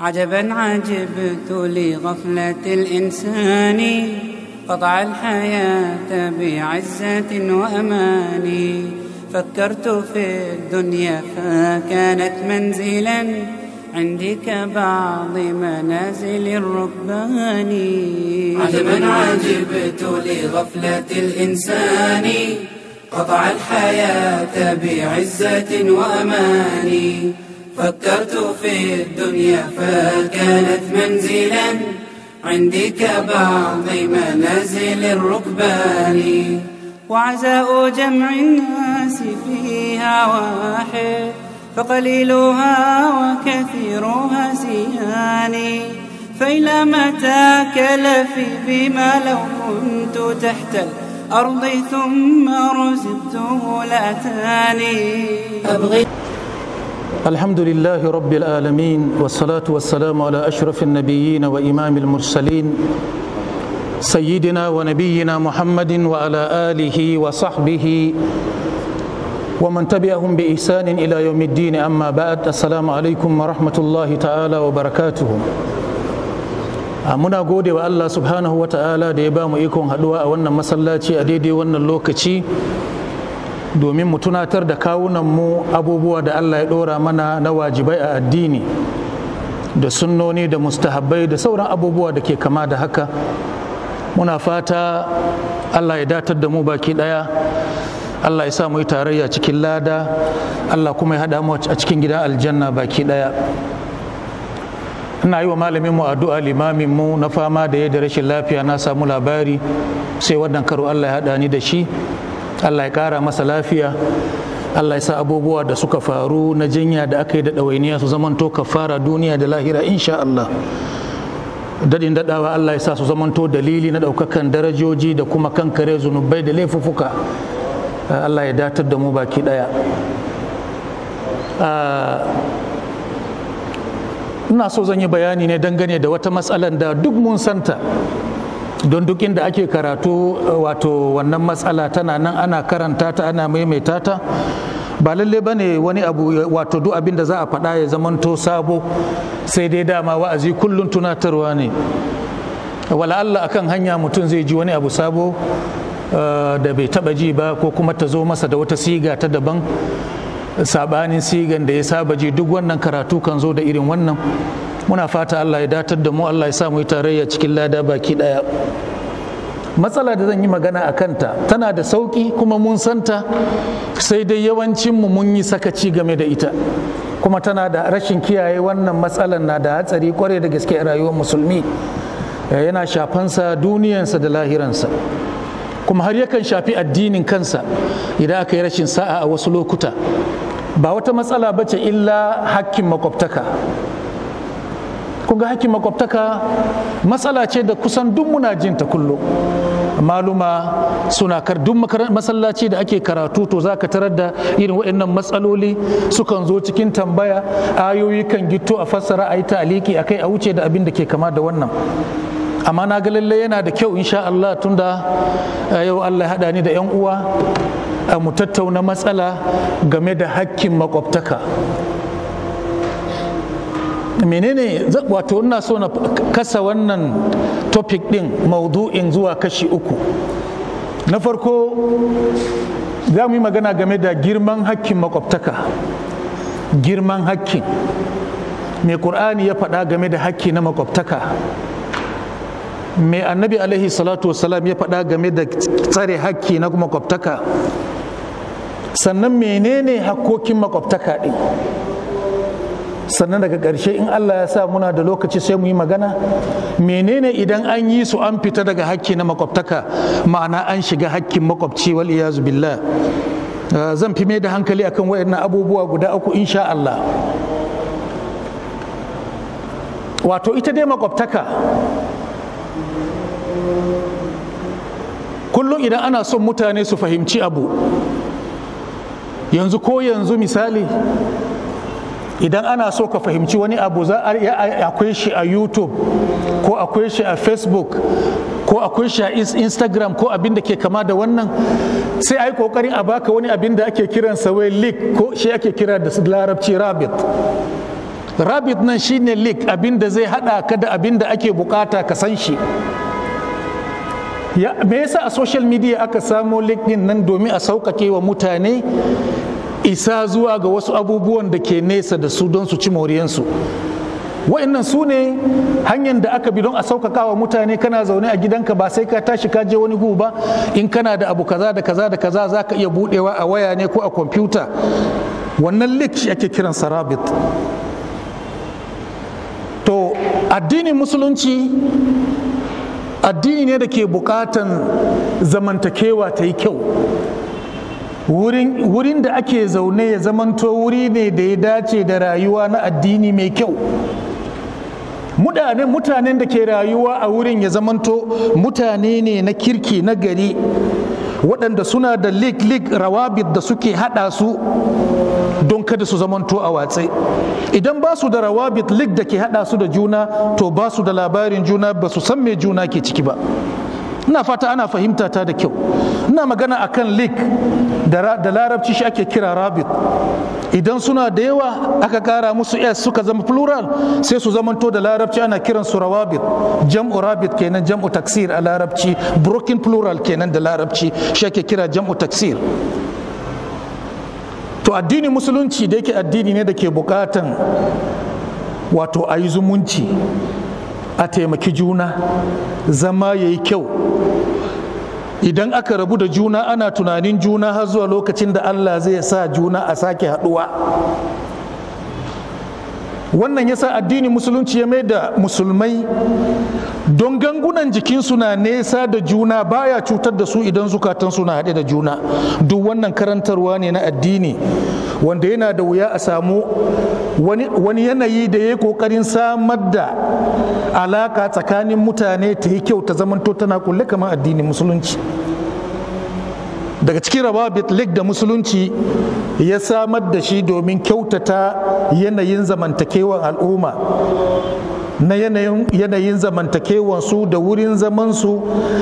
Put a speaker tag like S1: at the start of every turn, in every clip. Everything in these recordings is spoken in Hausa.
S1: عجبا عجبت لغفلة الإنسان قطع الحياة بعزة وأمان فكرت في الدنيا فكانت منزلا عندك بعض منازل الربان عجبا عجبت لغفلة الإنسان قطع الحياة بعزة وأمان فكرت في الدنيا فكانت منزلا عندك كبعض منازل الركبان وعزاء جمع الناس فيها واحد فقليلها وكثيرها زياني فإلى متى كلفي بما لو كنت تحت الأرض ثم رزقته لأتاني أبغي الحمد لله رب العالمين والصلاة والسلام على أشرف النبيين وإمام المرسلين سيدنا ونبينا محمد وعلى آله وصحبه ومن تبعهم بإحسان إلى يوم الدين أما بعد السلام عليكم ورحمة الله تعالى وبركاته muna gode wa Allah subhanahu wa ta'ala da ya ba ikon haduwa a wannan masallaci a daidai wannan lokaci domin mu tunatar da kawunanmu abubuwa da Allah ya ɗora mana na wajibai a addini da sunnoni da mustahabbai da sauran abubuwa da ke kama da haka muna fata Allah ya datar da mu baki ɗaya Allah ya sa mu yi tarayya cikin lada Allah kuma ya haɗa mu a cikin gidan aljanna baki ɗaya ina yi wa malamin mu addu'a limamin mu na fama da yadda rashin lafiya na samu labari sai wannan karo Allah ya haɗa ni da shi allah ya kara masa lafiya allah ya sa abubuwa da suka faru na jinya da aka yi da ɗawainiya su zamanto kafara duniya da lahira insha allah dadin daɗawa allah ya sa su zamanto dalili na ɗaukakan darajoji da kuma kankare zunubai da laifuffuka allah ya datar da mu baki ɗaya ah, ina so zan yi bayani ne dangane da wata matsalan da duk mun santa don duk inda ake karatu eh, wato wannan matsala tana nan ana karanta ta ana maimaita ta ba lalle ba ne wani abu wato duk abin da za a faɗa ya zamanto sabo sai dai dama wa'azi kullum tunatarwa ne wala'alla akan hanya mutum zai ji wani abu sabo eh, da bai taba ji ba ko kuma ta zo masa da wata siga ta daban sabanin sigan da ya saba ji duk wannan karatu kan zo da irin wannan muna fata Allah ya datar da mu Allah ya sa yi tarayya cikin lada baki daya matsala da zan yi magana a kanta tana da sauki kuma mun santa sai dai yawancin mu mun yi sakaci game da ita kuma tana da rashin kiyaye wannan matsalan na da hatsari kware da gaske a rayuwar musulmi eh, yana shafansa duniyansa da lahiransa kuma har yakan shafi addinin kansa idan aka yi rashin sa'a a wasu lokuta ba wata matsala bace illa hakkin makwabtaka kun ga hakkin makwabtaka matsala ce da kusan duk muna jin ta kullum maluma suna kar duk masallaci da ake karatu to zaka tarar da irin waɗannan matsaloli sukan zo cikin tambaya ayoyi kan gito a fassara a yi taliki akai a wuce da abin da ke kama da wannan amma na ga lalle yana da kyau insha Allah tunda yau Allah haɗa ni da 'yan uwa a mu tattauna matsala game da haƙƙin makwabtaka menene wato ina so na kasa wannan topic din maudu'in zuwa kashi uku na farko za mu yi magana game da girman hakkin makwabtaka girman hakkin mai ƙur'ani ya faɗa game da hakki na makwabtaka mai annabi alaihi salatu wasalam ya faɗa game da tsare hakki na makwabtaka sannan menene hakkokin makwabtaka ɗin sannan daga ƙarshe in Allah ya sa muna da lokaci sai mu yi magana menene idan an yi su an fita daga hakki na makwabtaka ma'ana an shiga hakkin makwabci wal billah ah, zan fi mai da hankali akan wayannan abubuwa guda uku insha Allah wato ita dai makwabtaka kullum idan ana son mutane su fahimci abu yanzu ko yanzu misali idan ana so ka fahimci wani abu za a akwai shi a youtube ko akwai shi a facebook ko akwai shi a instagram ko abin da ke kama da wannan sai a yi kokarin a baka wani abin da ake kiransa wai leak ko shi ake kira da larabci rabbit rabbit nan shi ne leak abin da zai hada ka da abin da ake bukata ka san shi me yasa a social media aka samo leak din nan domin a sauƙaƙe wa mutane isa zuwa ga wasu abubuwan da ke nesa da su don su ci moriyansu wa'annan su ne hanyar da aka bi don a sauƙaƙa wa mutane kana zaune a gidanka ba sai ka tashi ka je wani guba ba in kana da abu kaza da kaza da kaza za ka iya buɗewa a waya ne ko a kwamfuta wannan lik ake kiran sarabit to addinin musulunci addini ne da ke buƙatan zamantakewa ta yi kyau wurin da ake zaune ya zamanto wuri ne da ya dace da rayuwa na addini mai kyau mutanen da ke rayuwa a wurin ya zamanto mutane ne na kirki na gari waɗanda suna da lik-lik rawabit da suke haɗa su don kada su zamanto a watsai. idan ba su da rawabit lik da ke haɗa su da juna to ba su da labarin juna ba su san me juna ke ciki ba ina fata ana fahimta ta da kyau ina magana a kan lik da larabci shi ake kira rabit idan suna da yawa aka kara musu s suka zama plural sai su zamanto da larabci ana kiran su rawabit jam'u rabit kenan jam'u taksir a larabci broken plural kenan da larabci shi ake kira jam'u taksir to addini musulunci da yake addini ne da ke bukatan wato a yi zumunci a taimaki juna zama ya yi kyau idan aka rabu da juna ana tunanin juna har zuwa lokacin da allah zai sa juna a sake haduwa. wannan yasa addini musulunci ya mai da musulmai don gangunan jikinsu na nesa da juna baya cutar da su idan zukatan suna haɗe da juna duk wannan karantarwa ne na addini wanda yana da wuya a samu wani yanayi da ya yi kokarin samar da alaka tsakanin mutane ta yi kyau ta zamanto tana kulle kamar addinin musulunci daga cikin rawa bitlik da musulunci ya samar da shi domin kyautata yanayin zamantakewan al'umma na yanayin su da wurin zamansu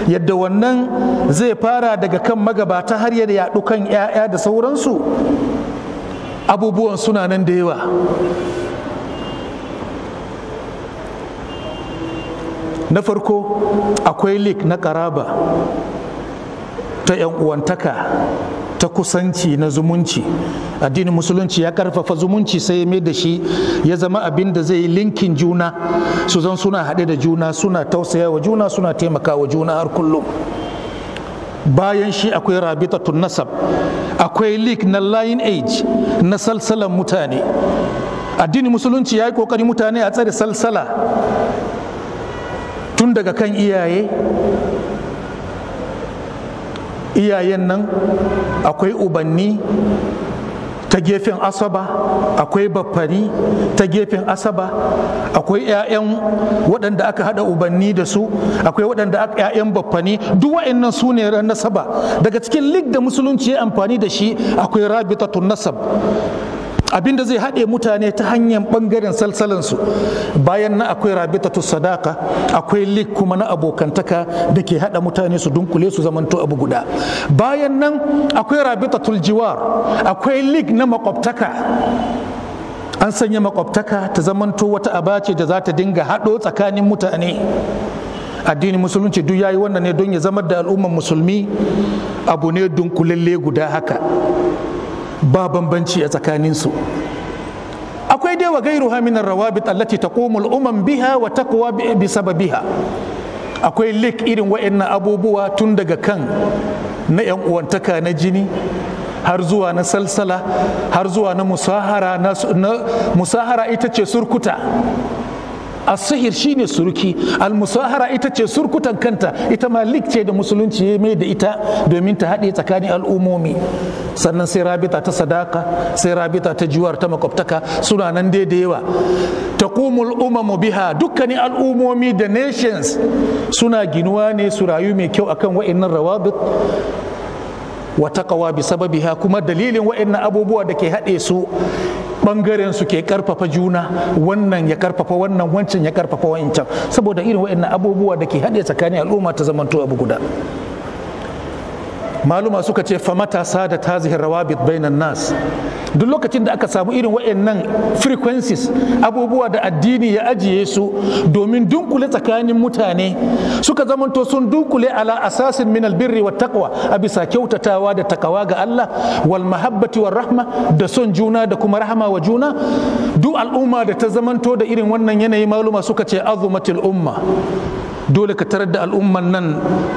S1: yadda wannan zai fara daga kan magabata har ya yaɗu kan 'ya'ya da sauransu abubuwan suna nan da yawa na farko akwai lik na karaba ta 'yan uwantaka ta kusanci na zumunci addinin musulunci ya karfafa zumunci sai ya mai da shi ya zama abin da zai yi linkin juna su zan suna haɗe da juna suna tausayawa juna suna taimakawa juna har kullum bayan shi akwai rabitatun nasab akwai lik na lion age na salsalan mutane addini musulunci ya yi kokari mutane a tsare salsala tun daga kan iyaye iyayen nan akwai ubanni ta gefen asaba akwai baffari ta gefen asaba akwai 'ya'yan waɗanda aka haɗa ubanni da su akwai waɗanda 'ya'yan baffani duk wa'annan su ne nasaba daga cikin lig da musulunci ya amfani da shi akwai tun nasab abinda zai haɗe mutane ta hanyar ɓangaren salsalansu bayan na akwai rabitatu sadaka akwai lik kuma na abokantaka da ke haɗa mutane su dunkule su zamanto abu guda bayan nan akwai rabitatul jiwar akwai lik na makwabtaka an sanya makwabtaka ta zamanto wata aba da za ta dinga haɗo tsakanin mutane Addini musulunci duk yayi wannan ne don ya zama da al'ummar musulmi abu ne dunkulalle guda haka ba bambanci a tsakaninsu akwai dai wa gairu haminar rawabit allati taqumul umam biha wa taqwa bi sababiha akwai lik irin wa'annan abubuwa tun daga kan na yan uwantaka na jini har zuwa na salsala har zuwa na musahara na musahara ita ce surkuta asihir shine suruki al-musahara ita ce surkutan kanta ita malik ce da musulunci ya mai da ita domin ta haɗe tsakanin al'umomi sannan sai rabita ta sadaka sai rabita ta juwar ta makwabtaka suna nan da yawa taqumul umamu biha dukkanin al'umomi da nations suna ginuwa ne su rayu mai kyau akan wa'annan rawabit wa taqwa bi sababiha kuma dalilin wa'annan abubuwa da ke haɗe su bangaren su ke karfafa juna wannan ya karfafa wannan wancan ya karfafa wancan saboda irin wa'annan abubuwa da ke haɗe tsakanin al'umma ta zamanto abu guda maluma suka ce fa matasa da tazihin rawabit bainan nas duk lokacin da aka samu irin waɗannan frequencies abubuwa da addini ya ajiye su domin dunkule tsakanin mutane suka zamanto sun dunkule ala asasin min albirri wa taqwa a bisa kyautatawa da takawa ga Allah wal mahabbati war rahma da son juna da kuma rahama wa juna duk al'umma da ta zamanto da irin wannan yanayi maluma suka ce azumatil umma dole ka tarar da al'umman nan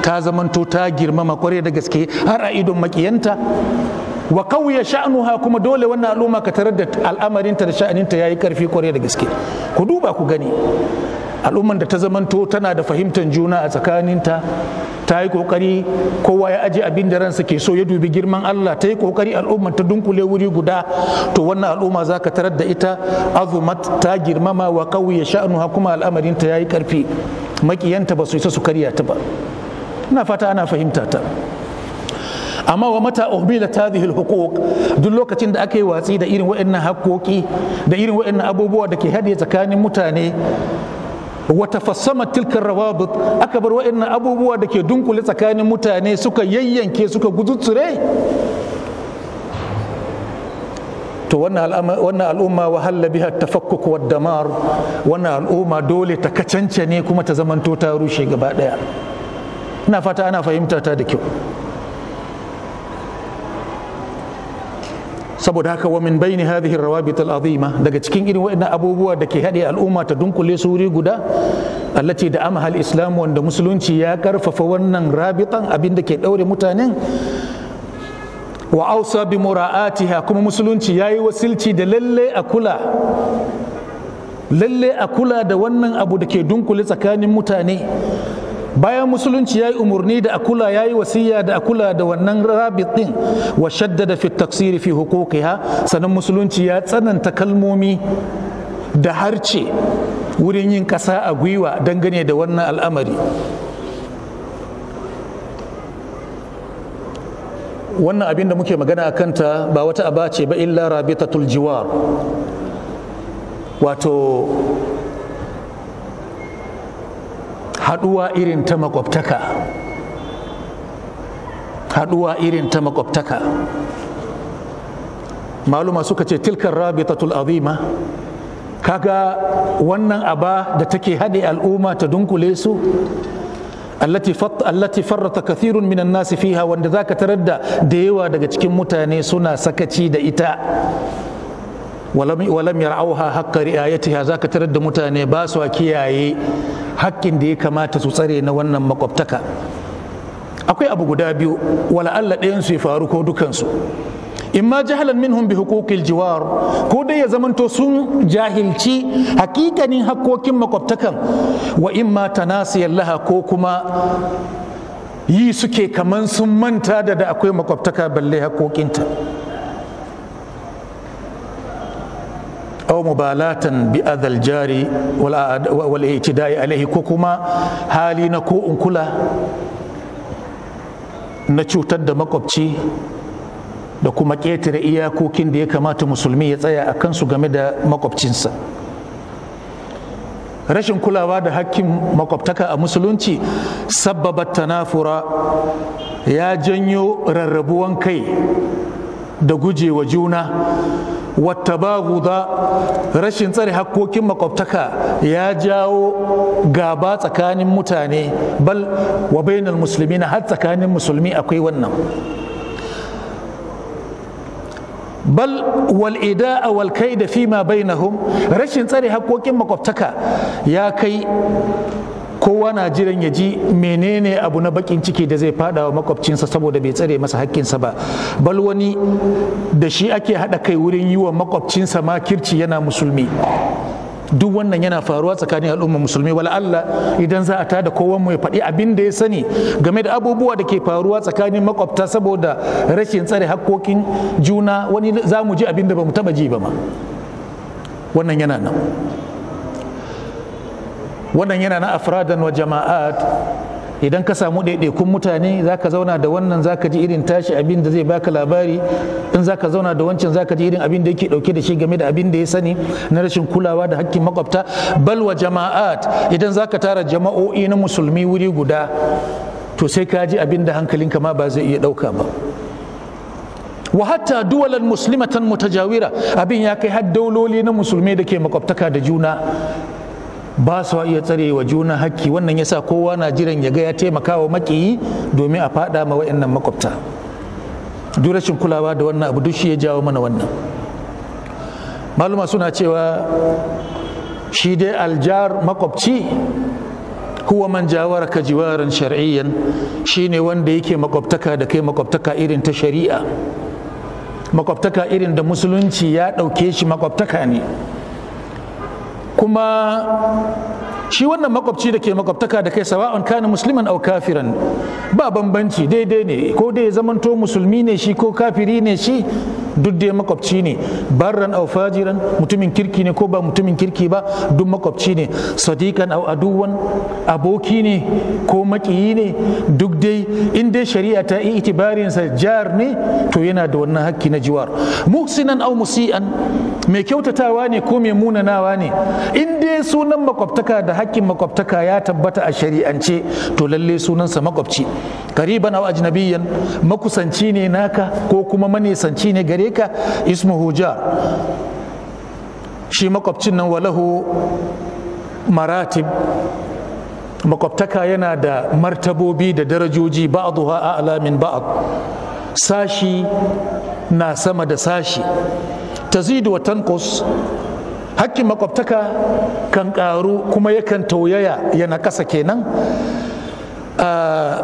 S1: ta zamanto ta girmama kwarai da gaske har a idon makiyanta wa kauye sha'anuha kuma dole wannan al'umma ka tarar da al'amarinta da sha'aninta yi ƙarfi kwarai da gaske ku duba ku gani al'umman da ta zamanto tana da fahimtar juna a tsakaninta ta yi kokari kowa ya ajiye abin da ransa ke so ya dubi girman Allah ta yi kokari al'umma ta dunkule wuri guda to wannan al'umma za ka tarar da ita azumat ta girmama wa kauye sha'anuha kuma al'amarinta yayi karfi makiyanta ba su isa su karya ta ba ina fata ana fahimta ta amma wa mata uhmila hadhihi alhuquq duk lokacin da aka yi watsi da irin waɗannan haƙoƙi da irin waɗannan abubuwa da ke haɗe tsakanin mutane wata fassama tilkar rawabit aka bar waɗannan abubuwa da ke dunkule tsakanin mutane suka yayyanke suka gudutsure to wannan al'umma wahalla biha tafakkuk wa damar wannan al'umma dole ta kacance ne kuma ta zamanto ta rushe gaba daya ina fata ana fahimta ta da kyau saboda haka wa min baini hadhihi rawabit al-azima daga cikin irin waɗannan abubuwa da ke haɗe al'umma ta dunkule su wuri guda allati da amha al-islam wanda musulunci ya karfafa wannan rabitan abin da ke ɗaure mutanen wa ausa bi mura'atiha kuma musulunci yayi wasilci da lalle a kula lalle a da wannan abu da ke dunkule tsakanin mutane bayan musulunci yayi umurni umarni da akula yayi wasiya da akula da wannan rabit din wa shaddada fi taksiri fi huquqiha sannan musulunci ya tsananta kalmomi da harce wurin yin kasa a gwiwa dangane da wannan al'amari wannan abin da muke magana a kanta ba wata aba ce ba illa rabitatul jiwar wato haɗuwa irin ta makwabtaka haɗuwa irin ta makwabtaka maluma suka ce tilkar rabitatul azima kaga wannan aba da take haɗe al'umma ta dunkule su allati allati farrata minan nasi fiha wanda zaka tarar da da yawa daga cikin mutane suna sakaci da ita walam walam yar'auha haqqa ri'ayatiha zaka tarar da mutane basu su kiyaye hakkin da ya kamata su tsare na wannan makwabtaka akwai abu guda biyu wala Allah ɗayan ya faru ko dukansu imma jahalan minhum bi huquqil jiwar ko dai ya zamanto sun jahilci hakikanin hakkokin makwabtakan wa imma tanasiyan laha ko kuma yi suke kaman sun manta da da akwai makwabtaka balle hakokinta aw mubalatan bi adal jari wal i'tidai alaihi ko kuma hali na ko in kula na cutar da makwabci da kuma ƙetare iyakokin da ya kamata musulmi ya tsaya a kansu game da makwabcinsa rashin kulawa da hakkin makwabtaka a musulunci sabbaba tanafura ya janyo rarrabuwan kai da gujewa juna wata guda rashin tsare hakkokin makwabtaka ya jawo gaba tsakanin mutane bal wa bainal musulmi na har tsakanin musulmi akwai wannan bal wal ida'a wal kaida fi ma bainahum rashin tsare haƙoƙin makwabtaka ya kai kowa na jiran ya ji menene abu na bakin ciki da zai fada wa makwabcinsa saboda bai tsare masa hakkinsa ba bal wani da shi ake haɗa kai wurin yi wa makwabcinsa kirci yana musulmi duk wannan yana faruwa tsakanin al'ummar musulmi wala Allah idan za a tada kowan mu ya faɗi abin da ya sani game da abubuwa da ke faruwa tsakanin makwabta saboda rashin tsare hakkokin juna wani za mu ji abin da ba mu taɓa ji ba ma wannan yana nan wannan yana na afradan wa jama'at idan ka samu ɗaiɗaikun mutane za ka zauna da wannan za ka ji irin tashi abin da zai baka labari in za ka zauna da wancan za ka ji irin abin da yake ɗauke da shi game da abin da ya sani na rashin kulawa da hakkin makwabta balwa jama'at idan za ka tara jama'o'i na musulmi wuri guda to sai ka ji abin da hankalinka ma ba zai iya ɗauka ba wa hatta duwalan muslimatan mutajawira abin ya kai har dauloli na musulmi da ke makwabtaka da juna ba su iya tsare wa juna hakki wannan yasa kowa na jiran ya ga ya taimaka wa makiyi domin a faɗa ma wa'annan makwabta duk rashin kulawa da wannan abu duk shi ya jawo mana wannan maluma suna cewa shi dai aljar makwabci huwa man jawara ka jiwaran shar'iyyan shine wanda yake makwabtaka da kai makwabtaka irin ta shari'a makwabtaka irin da musulunci ya ɗauke shi makwabtaka ne kuma shi wannan makwabci da ke makwabtaka da kai sawa'un kana musliman au kafiran ba bambanci daidai ne ko dai zamanto musulmi ne shi ko kafiri ne shi duk dai makwabci ne barran au fajiran mutumin kirki ne ko ba mutumin kirki ba duk makwabci ne sadiqan au aduwan aboki ne ko makiyi ne duk dai in dai shari'a ta yi itibarin jar ne to yana da wannan hakki na jiwar muhsinan au musi'an mai kyautatawa ne ko mai munanawa ne in dai sunan makwabtaka da hakkin makwabtaka ya tabbata a shari'ance to lalle sunansa makwabci kariban aw ajnabiyan makusanci ne naka ko kuma manisanci ne gare ka ismuhu jar shi makwabcin nan walahu maratib makwabtaka yana da martabobi da darajoji ba'dha a'la min ba'd sashi na sama da sashi tazidu wa tanqus hakkin makwabtaka kan karu kuma yakan tauyaya yana ƙasa kenan ah,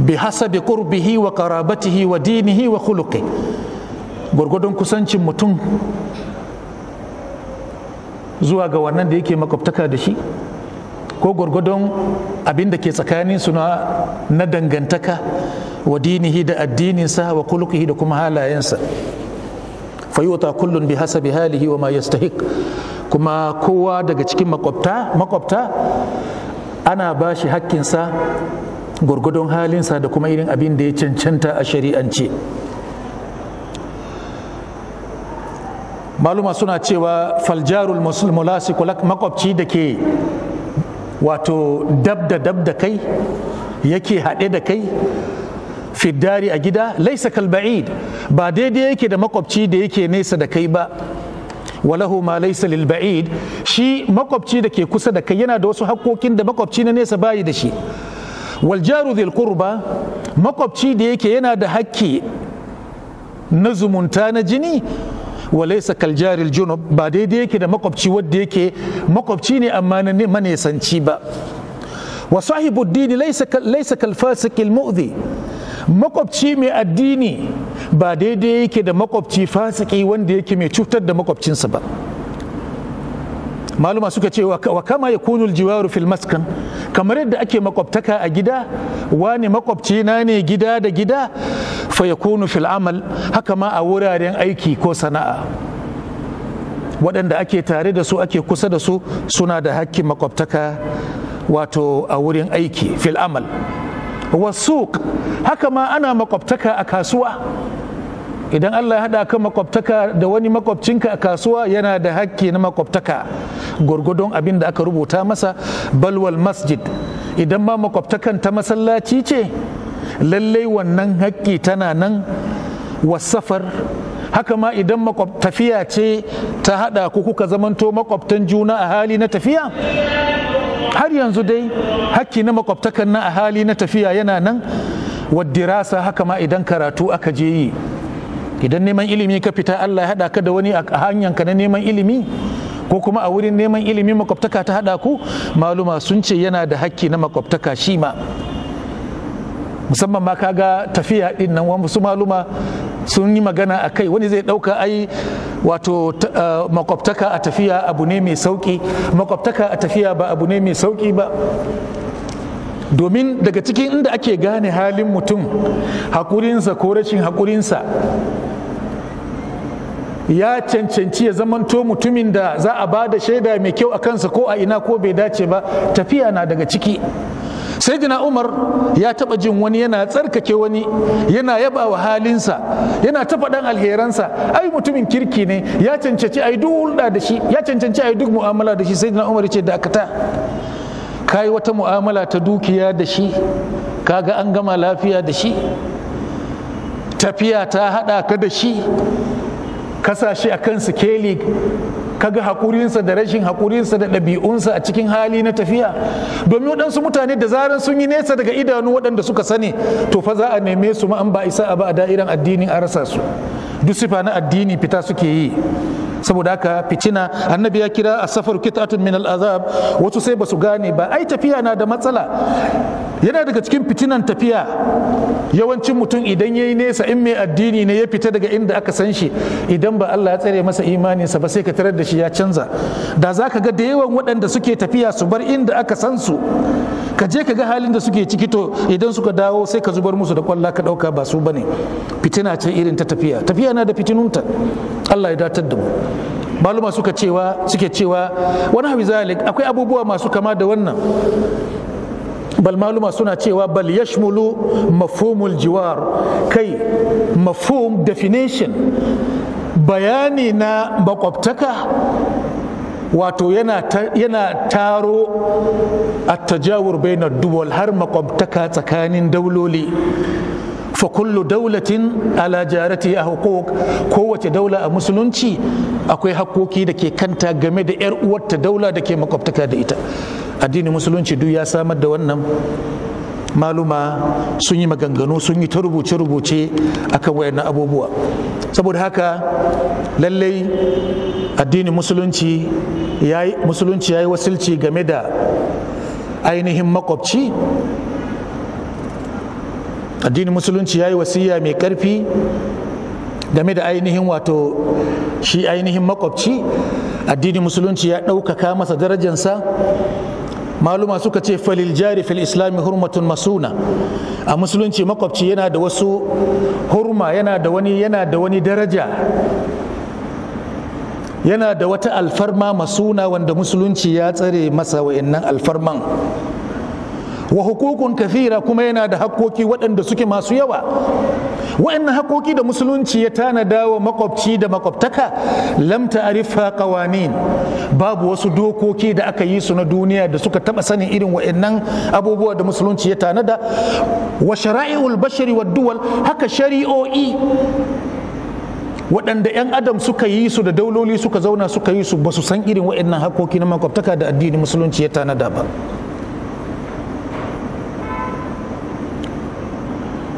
S1: bi hasabi qurbihi wa qarabatihi wa dinihi wa khuluqi gwargwadon kusancin mutum zuwa ga wannan da yake makwabtaka da shi ko gwargwadon abinda ke tsakanin su na dangantaka wa dinihi da addininsa wa kulukihi da kuma halayensa fayuta kullun bi hasabi halihi wa ma yastahiq kuma kowa daga cikin makwabta makwabta ana ba shi hakkinsa gwargwadon halinsa da kuma irin abin da ya cancanta a shari'ance maluma suna cewa faljarul mulasiku makwabci da ke wato dab da dab da kai yake haɗe da kai fiddari a gida laisa kalba'id ba daidai yake da makwabci da yake nesa da kai ba walahu ma laisa lil ba'id shi makwabci da ke kusa da kai yana da wasu hakkokin da makwabci na nesa bayi da shi wal jaru dhil qurba makwabci da yake yana da hakki na zumunta na jini walaisa kaljaril junub ba daidai yake da makwabci wadda yake makwabci ne amma na manesanci ba wa sahibu dini laisa kalfasikil mu'zi makwabci mai addini ba daidai yake da makwabci fasiki wanda yake mai cutar da makwabcinsa ba maluma suka ce wa kama ya kunu jiwaru fil maskan kamar yadda ake makwabtaka a gida wani makwabci na ne gida da gida fa ya kunu fil amal haka ma a wuraren aiki ko sana'a waɗanda ake tare da su ake kusa da su suna da hakkin makwabtaka wato a wurin aiki fil amal wasuq haka ma ana makwabtaka a kasuwa idan Allah ya haɗa ka makwabtaka da wani makwabcinka a kasuwa yana da hakki na makwabtaka gwargwadon abin da aka rubuta masa balwal masjid idan ma makwabtakan ta masallaci ce lallai wannan hakki tana nan wasafar haka ma idan tafiya ce ta haɗa ku kuka zamanto makwabtan juna a hali na tafiya har yanzu dai hakki na makwabtakan na a hali na tafiya yana nan wadirasa haka ma idan karatu aka je yi idan neman ilimi ka fita Allah ya haɗa ka da wani a hanyar ka na neman ilimi ko kuma a wurin neman ilimi makwabtaka ta haɗa ku maluma sun ce yana da hakki na makwabtaka shi ma musamman ma kaga tafiya din nan wasu maluma sun yi magana a kai wani zai ɗauka ai wato makwabtaka a tafiya abu ne mai sauƙi makwabtaka a tafiya ba abu ne mai sauƙi ba domin daga cikin inda ake gane halin mutum haƙurinsa ko rashin haƙurinsa ya cancanci ya zamanto mutumin da za a ba da shaida mai kyau a kansa ko a ina ko bai dace ba tafiya na daga ciki Sa'idina umar ya taba jin wani yana tsarkake wani yana yaba wa halinsa yana taba dan alheransa ai mutumin kirki ne ya cancanci ai duk hulɗa da shi ya cancanci ai duk mu'amala da shi sayyidina umar ya ce dakata kai wata mu'amala ta dukiya da shi kaga an gama lafiya da shi tafiya ta haɗa ka da shi kasashe akan kan sikeli kaga hakurinsa da rashin hakurinsa da ɗabi'unsa a cikin hali na tafiya domin waɗansu mutane da zarar sun yi nesa daga idanu waɗanda suka sani to fa za a neme su ma an ba isa a ba a da'iran addinin a rasa su duk sifa na addini fita suke yi saboda haka fitina annabi ya kira a safar kitatun min al'azab wasu sai basu gane ba ai tafiya na da matsala yana daga cikin fitinan tafiya yawancin mutum idan ya yi nesa in mai addini ne ya fita daga inda aka san shi idan ba Allah ya tsare masa imaninsa ba sai ka tarar da shi ya canza da za ka ga da yawan waɗanda suke tafiya su bar inda aka san su ka je ka ga halin da suke ciki to idan suka dawo sai ka zubar musu da kwalla ka dauka ba su bane fitina ce irin ta tafiya tafiya na da fitinunta Allah ya datar da mu maluma suka cewa suke cewa wani hawi zalik akwai abubuwa masu kama da wannan bal maluma suna cewa bal yashmulu mafhumul jiwar kai mafhum definition bayani na makwabtaka wato yana taro a tajawur bai na duwal har makwabtaka tsakanin dauloli fa kullu daulatin ala jarati a hukuk kowace daula a musulunci akwai hakoki da ke kanta game da 'yar uwarta daula da ke makwabtaka da ita addini musulunci duk ya samar da wannan maluma sun yi maganganu sun yi ta rubuce-rubuce wayar wayannan abubuwa saboda haka lallai addinin musulunci ya yi musulunci ya yi wasilci game da ainihin makwabci addinin musulunci ya yi wasiya mai karfi game da ainihin wato shi ainihin makwabci addinin musulunci ya ɗaukaka masa darajansa maluma suka ce falil jari fil islami hurmatun masuna a musulunci makwabci yana da wasu hurma yana da wani yana da wani daraja yana da wata alfarma masuna wanda musulunci ya tsare masa wa'annan alfarman wa hukukun kathira kuma yana da haƙoƙi waɗanda suke masu yawa waɗannan haƙoƙi da musulunci ya tanada wa makwabci da makwabtaka lam ta'rifa qawanin babu wasu dokoki da aka yi su na duniya da suka taba sanin irin waɗannan abubuwa da musulunci ya tanada wa shara'i'ul bashari wa duwal haka shari'o'i waɗanda 'yan adam suka yi su da dauloli suka zauna suka yi su ba su san irin waɗannan haƙoƙi na makwabtaka da addini musulunci ya tanada ba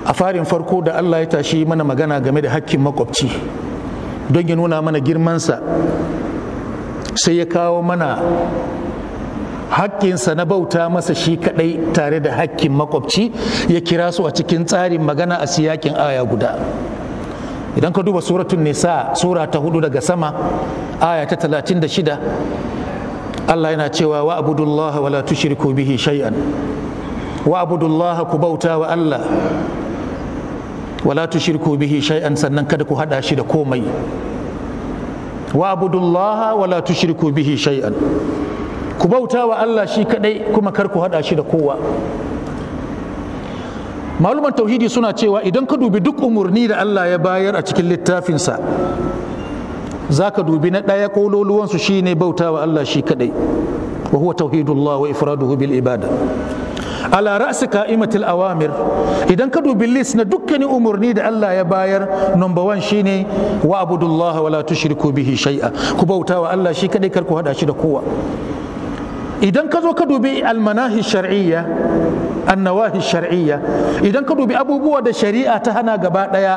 S1: a farin farko da Allah ya tashi mana magana game da hakkin makwabci don ya nuna mana girmansa sai ya kawo mana hakkinsa na bauta masa shi kadai tare da hakkin makwabci ya kira su a cikin tsarin magana a siyakin aya guda idan ka duba suratun nisa sura ta hudu daga sama aya ta talatin da shida Allah yana cewa wa abudullaha wala tushriku bihi shay'an wa abudullaha ku bauta wa Allah wala tushirku bihi shay'an sannan kada ku hada shi da komai wa abudullaha wala tushirku bihi shay'an ku bauta wa Allah shi kadai kuma kar ku hada shi da kowa maluman tauhidi suna cewa idan ka dubi duk umarni da Allah ya bayar a cikin littafinsa za ka dubi na ɗaya ƙololuwansu shine bauta wa Allah shi kadai wa huwa tauhidullah wa ifraduhu bil ibada ala ra'si ka'imatil awamir idan ka dubi list na dukkanin umarni da Allah ya bayar number one shine wa abudullaha wala tushriku bihi shay'a ku bauta wa Allah shi kadai kar ku hada shi da kowa idan ka zo ka dubi almanahi shar'iyya annawahi shar'iyya idan ka dubi abubuwa da shari'a ta hana gaba daya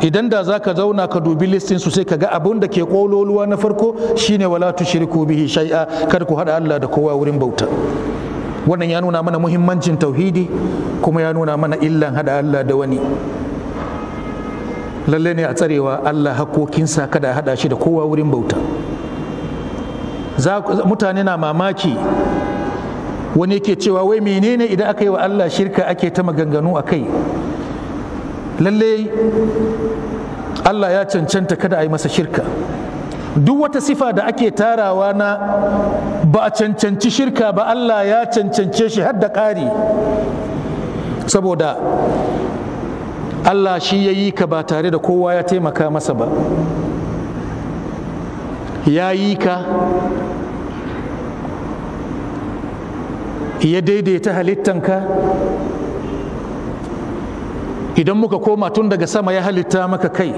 S1: idan da zaka zauna ka dubi listin su sai ka ga abun da ke kololuwa na farko shine wala tushriku bihi shay'a kar ku hada Allah da kowa wurin bauta wannan ya nuna mana muhimmancin tauhidi kuma ya nuna mana illan hada Allah da wani lalle ne a tsarewa Allah hakokinsa kada hada shi da kowa wurin bauta mutane na mamaki wani yake cewa wai menene idan aka yi wa Allah shirka ake ta maganganu a kai lalle Allah ya cancanta kada a yi masa shirka duk wata sifa da ake tarawa na ba a cancanci shirka ba Allah ya cancance shi har da ƙari saboda Allah shi ya yi ka ba tare da kowa ya taimaka masa ba ya yi ka ya daidaita halittanka idan muka koma tun daga sama ya halitta maka kai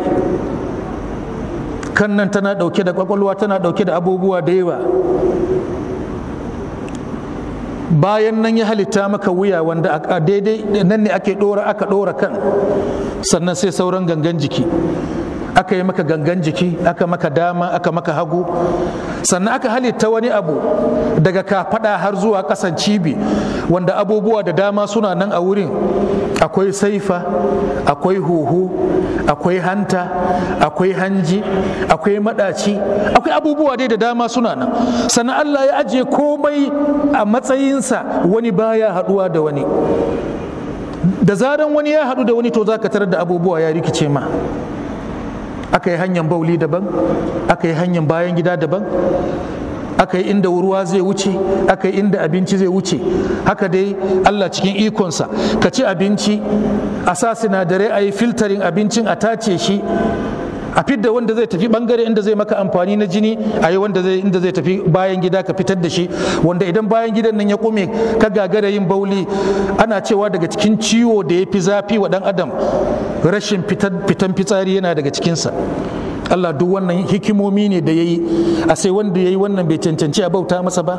S1: kan nan tana dauke da kwakwalwa tana ɗauke da abubuwa da yawa bayan nan ya halitta maka wuya wanda a daidai nan ne ake dora aka ɗora kan sannan sai sauran gangan jiki aka yi maka gangan jiki aka maka dama aka maka hagu sannan aka halitta wani abu daga kafada har zuwa kasan cibi wanda abubuwa da dama suna nan a wurin akwai saifa akwai huhu akwai hanta akwai hanji akwai madaci akwai abubuwa dai da dama suna nan sannan allah ya ajiye komai a matsayinsa wani baya haduwa da wani da zaran wani ya haɗu da wani to za ka tarar da abubuwa ya rikice ma aka yi hanyar bauli daban aka yi hanyar bayan gida daban aka yi inda ruwa zai wuce aka yi inda abinci zai wuce haka dai allah cikin ikonsa ka ci abinci a sa sinadarai a yi filtarin abincin a tace shi a fidda wanda zai tafi bangare inda zai maka amfani na jini a yi wanda zai inda zai tafi bayan gida ka fitar da shi wanda idan bayan gidan nan ya kume ka gagara yin bauli ana cewa daga cikin ciwo da ya fi zafi wa dan adam rashin fitan fitsari yana daga cikinsa Allah duk wannan hikimomi ne da yayi yi a sai wanda yayi wannan bai cancanci a bauta masa ba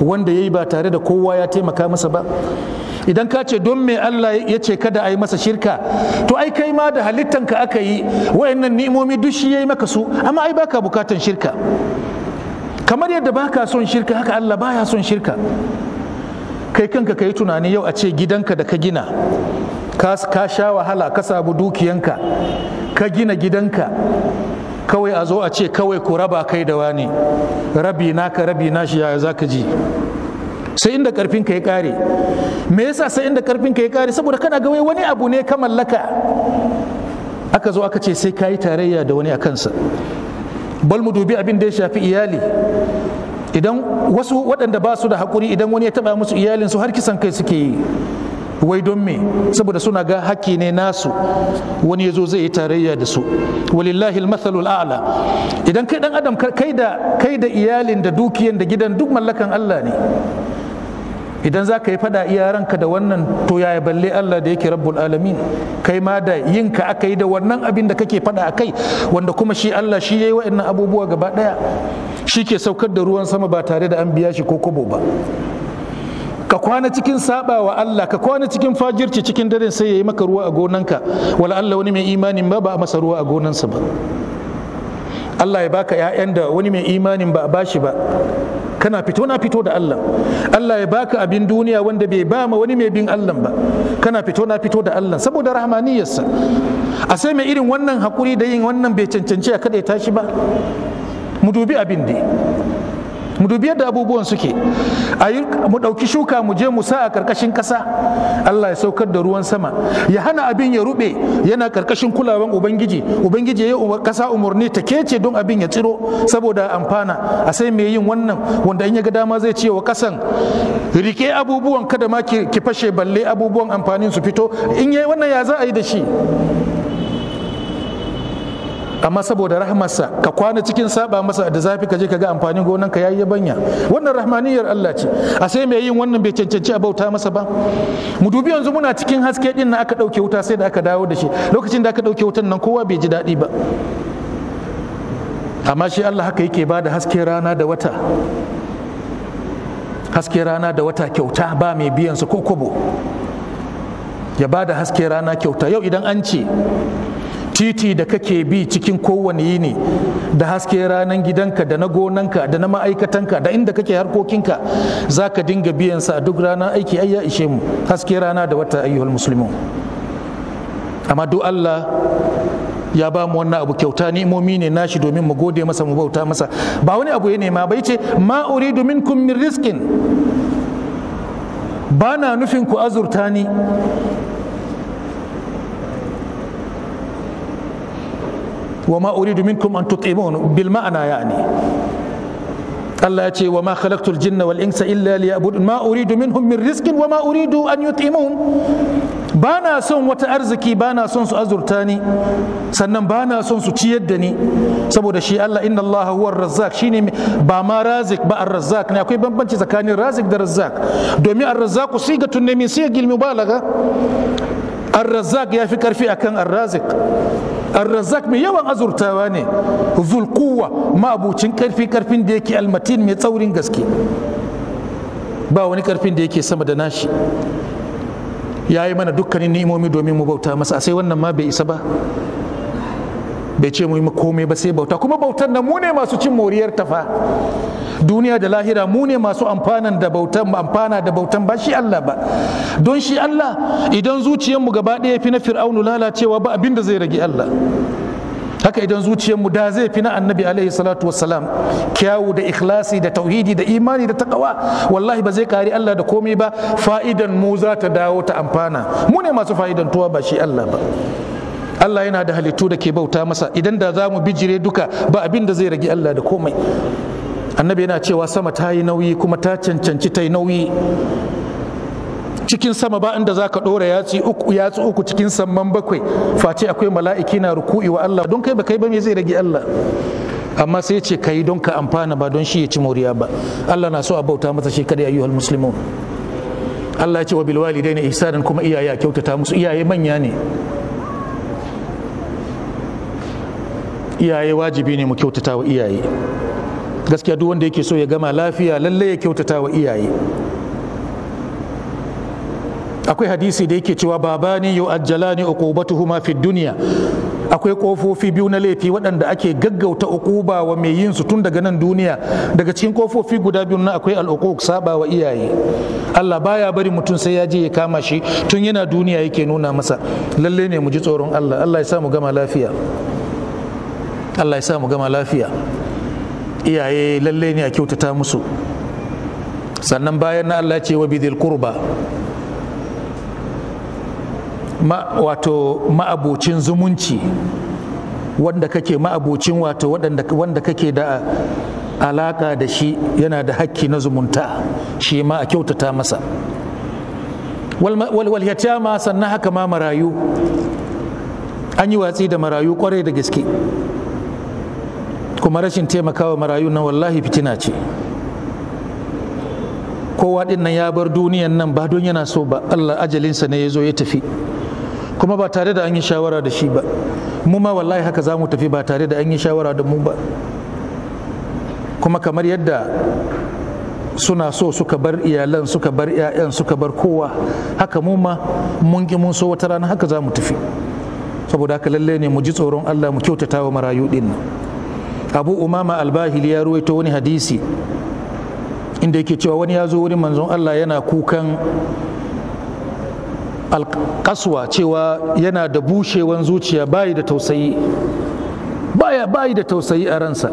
S1: wanda yayi ba tare da kowa ya taimaka masa ba idan ka ce don me Allah ya ce kada a yi masa shirka to ai kai ma da halittanka aka yi wayannan ni'imomi duk shi ya yi maka su amma ai baka bukatan shirka kamar yadda baka son shirka haka Allah baya son shirka kai kanka ka yi tunani yau a ce gidanka da ka gina ka sha wahala ka sabu dukiyanka ka gina gidanka kawai a zo a ce kawai ku raba kai da wani rabi naka rabi nashi yaya za ka ji sai inda karfin ka ya kare me yasa sai inda karfin ka ya kare saboda kana ga wani abu ne ka mallaka aka zo aka ce sai ka yi tarayya da wani a kansa bal mu dubi abin da ya shafi iyali idan wasu waɗanda ba su da haƙuri idan wani ya taɓa musu iyalinsu har kisan kai suke yi wai don me saboda suna ga haƙƙi ne nasu wani ya zo zai yi tarayya da su walillahi almathalul a'la idan kai dan adam kai da kai da iyalin da dukiyan da gidan duk mallakan Allah ne idan za ka yi fada iya ranka da wannan to yaya balle Allah da yake rabbul alamin kai ma da yin ka aka yi da wannan abin da kake fada a kai wanda kuma shi Allah shi ya yi wa'annan abubuwa gaba daya shi ke saukar da ruwan sama ba tare da an biya shi ko kobo ba ka kwana cikin saba wa Allah ka kwana cikin fajirci cikin dare sai yayi maka ruwa a gonanka wala Allah wani mai imanin ba ba masa ruwa a gonansa ba Allah ya baka 'ya'yan da wani mai imanin ba a bashi ba kana fito na fito da Allah Allah ya baka abin duniya wanda bai ba ma wani mai bin Allah ba kana fito na fito da Allah saboda rahmaniyarsa a sai mai irin wannan hakuri da yin wannan bai cancanci a kada ya tashi ba mu dubi abin da mu dubi yadda abubuwan suke a yi mu ɗauki shuka mu je mu sa a ƙarƙashin ƙasa Allah ya saukar da ruwan sama ya hana abin ya ruɓe yana ƙarƙashin kulawan ubangiji ubangiji ya yi ƙasa umarni ta kece don abin ya tsiro saboda amfana a sai mai yin wannan wanda in ya ga dama zai ce wa ƙasan rike abubuwan kada ma ki fashe balle abubuwan amfanin su fito in yi wannan ya za a yi da shi amma saboda rahmarsa ka kwana cikin saba masa da zafi ka je ka ga amfanin gonan ka yayi yabanya wannan rahmaniyar Allah ce a sai mai yin wannan bai cancanci a bauta masa ba mu dubi yanzu muna cikin haske din na aka dauke wuta sai da aka dawo da shi lokacin da aka dauke wutan nan kowa bai ji daɗi ba amma shi Allah haka yake ba da haske rana da wata haske rana da wata kyauta ba mai biyan su ko kobo ya ba da haske rana kyauta yau idan an ce titi da kake bi cikin kowane yini da haske ranar gidanka da na gonanka da na ma'aikatanka da inda kake harkokinka za ka dinga biyansa a duk rana aiki ya ishe mu haske rana da wata ayyuhal musulmin amma duk Allah ya ba mu wannan abu kyauta ni'imomi ne nashi domin mu gode masa mu bauta masa ba wani abu ya nema bai ce ma uridu minkum min riskin." ba na nufin ku azurta ni وما أريد منكم أن تطعمون بالمعنى يعني الله يأتي وما خلقت الجن والإنس إلا ليعبدون ما أريد منهم من رزق وما أريد أن يطعمون بانا سون وتأرزكي بانا سون سأزرتاني سنن بانا سون ستيدني سبو شي الله إن الله هو الرزاق شيني باما رازق با الرزاق نأكوي بمبنش زكاني رازق در الرزاق دومي الرزاق صيغة من صيغ المبالغة الرزاق يا فكر في أكن الرازق arrazak mai yawan azurtawa ne zulkuwa mabucin karfi karfin da yake almatin mai tsaurin gaske ba wani karfin da yake sama da nashi ya yi mana dukkanin ni'imomi domin mu bauta masa sai wannan ma bai isa ba bai ce mu yi komai ba sai bauta kuma bautar nan mu ne masu cin moriyar tafa duniya da lahira mu ne masu da bautan amfana da bautan ba shi Allah ba don shi Allah idan zuciyarmu gaba ɗaya fi na fir'aunu lalacewa ba abin da zai rage Allah haka idan zuciyarmu da zai fi na annabi alaihi salatu wassalam kyawu da ikhlasi da tauhidi da imani da takawa wallahi ba zai kari Allah da komai ba fa'idan mu za ta dawo ta amfana mu ne masu fa'idan tuwa ba shi Allah ba Allah yana da halittu da ke bauta masa idan da za mu bijire duka ba abin da zai rage Allah da komai annabi yana cewa sama ta yi nauyi kuma ta cancanci ta yi nauyi cikin sama ba inda zaka dora yatsi uku uku cikin samman bakwai face akwai mala'iki na ruku'i wa Allah don kai ba kai ba me zai rage Allah amma sai ce kai don ka amfana ba don shi ya ci moriya ba Allah na so a bauta masa shi kada ayyuhal muslimun Allah ya ce wa bil walidaina ihsanan kuma iyaye a kyautata musu iyaye manya ne iyaye wajibi ne mu kyautata wa iyaye gaskiya duk wanda yake so ya gama lafiya lallai ya kyautata wa iyaye akwai hadisi da yake cewa baba ne yau babani yu'ajjalani uqubatuhuma fi duniya akwai kofofi biyu na laifi waɗanda ake gaggauta uquba wa mai yin su tun daga nan duniya daga cikin kofofi guda biyu na akwai al'uquq saba wa iyaye Allah baya bari mutum sai ya je ya kama shi tun yana duniya yake nuna masa lalle ne mu ji tsoron Allah Allah Allah ya sa mu gama lafiya iyaye lalle ne a kyautata musu sannan bayan na Allah ce wa bidil kurba ma, wato ma'abocin zumunci wanda kake ma'abocin wato wanda kake da alaka da shi yana da hakki na zumunta shi ma a kyautata masa wal yatama sannan haka ma marayu an yi watsi da marayu kwarai da gaske kuma rashin taimakawa marayu na wallahi fitina ce kowa din nan ya bar duniyan nan ba don yana so ba Allah ajalinsa ne ya zo ya tafi kuma ba tare da an yi shawara da shi ba mu ma wallahi haka za mu tafi ba tare da an yi shawara da mu ba kuma kamar yadda suna so suka bar iyalan suka bar 'ya'yan suka bar kowa haka mu ma mun ki mun so wata rana haka za mu tafi saboda haka lalle ne mu ji tsoron Allah mu kyautata wa marayu din nan abu umama albahili ya ruwaito wani hadisi inda yake cewa wani ya zo wurin manzon allah yana kukan alkaswa cewa yana da bushewan zuciya bayi da tausayi baya bayi da tausayi a ransa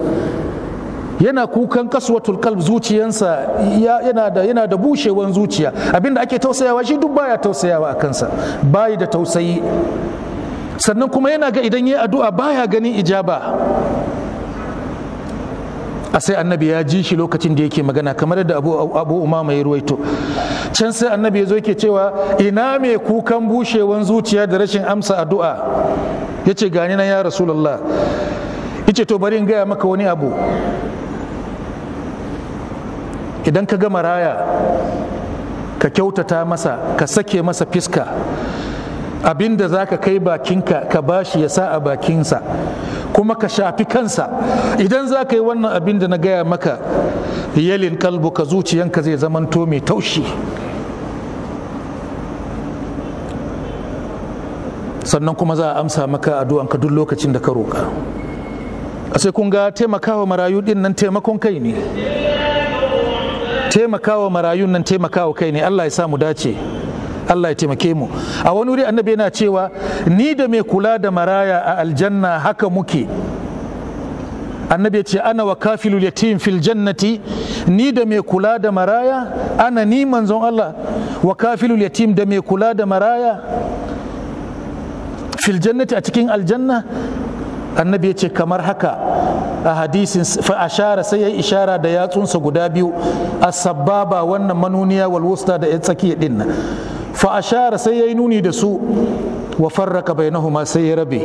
S1: yana kukan kaswatul kalb zuciyansa yana da yana da bushewan zuciya abinda ake tausayawa shi duk baya tausayawa a kansa bayi da tausayi sannan kuma yana ga idan yi addu'a baya ganin ijaba a sai annabi ya ji shi lokacin da yake magana kamar da abu abu umama ya ruwaito can sai annabi ya zo yake cewa ina me kukan bushewan zuciya da rashin amsa addu'a yace gani nan ya rasulullah yace to bari in gaya maka wani abu idan ka ga maraya ka kyautata masa ka sake masa fiska abinda zaka kai bakinka ka bashi ya sa a bakinsa kuma ka shafi kansa idan za ka yi wannan abin da na gaya maka yalin kalbuka zuciyanka zai zamanto mai taushi sannan kuma za a amsa maka addu'anka duk lokacin da ka roƙa a sai kun ga taimakawa marayu din nan taimakon kai ne taimakawa marayun nan taimakawa kai ne allah ya samu dace Allah ya taimake mu a wani wuri annabi yana cewa ni da mai kula da maraya a aljanna haka muke annabi ya ce ana wa kafilul yatim fil jannati ni da mai kula da maraya ana ni manzon Allah wa kafilul yatim da mai kula da maraya fil jannati a cikin aljanna annabi ya ce kamar haka a hadisin fa ashara sai ya ishara da yatsunsa guda biyu a sababa wannan manuniya walwusta da ya tsakiya dinnan fa ashara sai yayi nuni da su wa farraka bainahuma sai ya rabe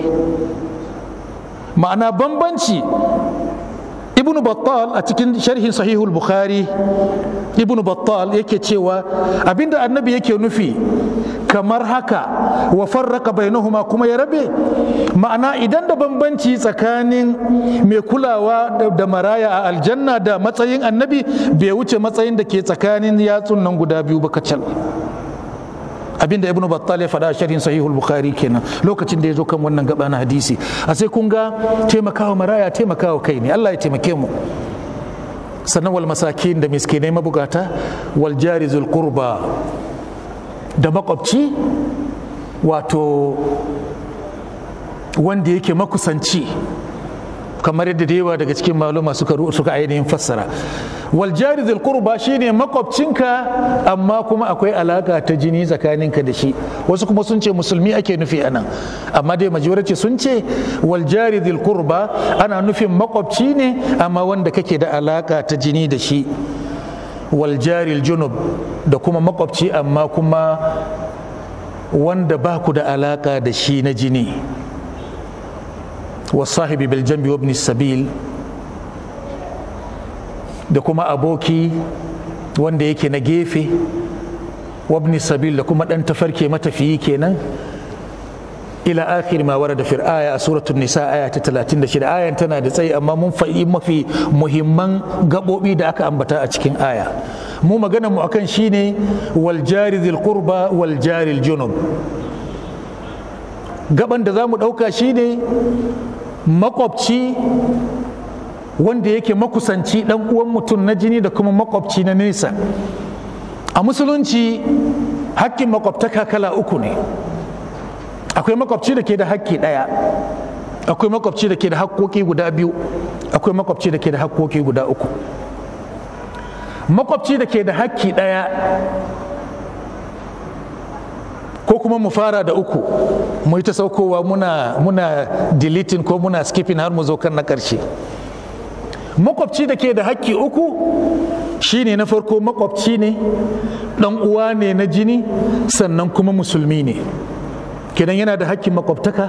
S1: ma'ana bambanci ibnu battal a cikin sharhin sahihul bukhari ibnu battal yake cewa abinda annabi yake nufi kamar haka wa farraka bainahuma kuma ya rabe ma'ana idan da bambanci tsakanin mai kulawa da maraya a aljanna da matsayin annabi bai wuce matsayin da ke tsakanin yatsun nan guda biyu ba kacal abinda ibn battal ya faɗa a sharhin sahihul bukhari kenan lokacin da ya zo kan wannan gaba na hadisi a sai kun ga taimakawa maraya taimakawa kai ne Allah ya taimake mu sannan wal masakin da miskinai mabugata wal jari qurba da makwabci wato wanda yake makusanci kamar yadda da yawa daga cikin maluma suka suka ainihin fassara wal jari qurba shine makwabcinka amma kuma akwai alaka ta jini tsakaninka da shi wasu kuma sun ce musulmi ake nufi anan amma dai majority sun ce wal jari qurba ana nufin makwabci ne amma wanda kake da alaka ta jini da shi wal junub da kuma makwabci amma kuma wanda ba ku da alaka da shi na jini wasahibi bil jambi wabni da kuma aboki wanda yake na gefe wabni sabil da kuma ɗan tafarke matafiyi kenan ila akhir ma warada fil a suratul nisa aya ta 36 ayan tana da tsayi amma mun faɗi mafi muhimman gaɓoɓi da aka ambata a cikin aya mu magana mu akan shine wal jari dhil qurba wal jari junub gaban da zamu ɗauka shine makwabci wanda yake makusanci dan uwan mutum na jini da kuma makwabci na nesa a musulunci hakkin makwabtaka kala uku ne akwai makwabci da ke da hakki ɗaya akwai makwabci da ke da hakkoki guda biyu akwai makwabci da ke da hakkoki guda uku makwabci da ke da hakki ɗaya ko kuma mu fara da uku mu yi ta saukowa muna muna deleting ko muna skipping har mu zo kan na ƙarshe makwabci da ke da haƙƙi uku shine na farko makwabci ne ɗan uwa ne na jini sannan kuma musulmi ne kenan yana da haƙƙin makwabtaka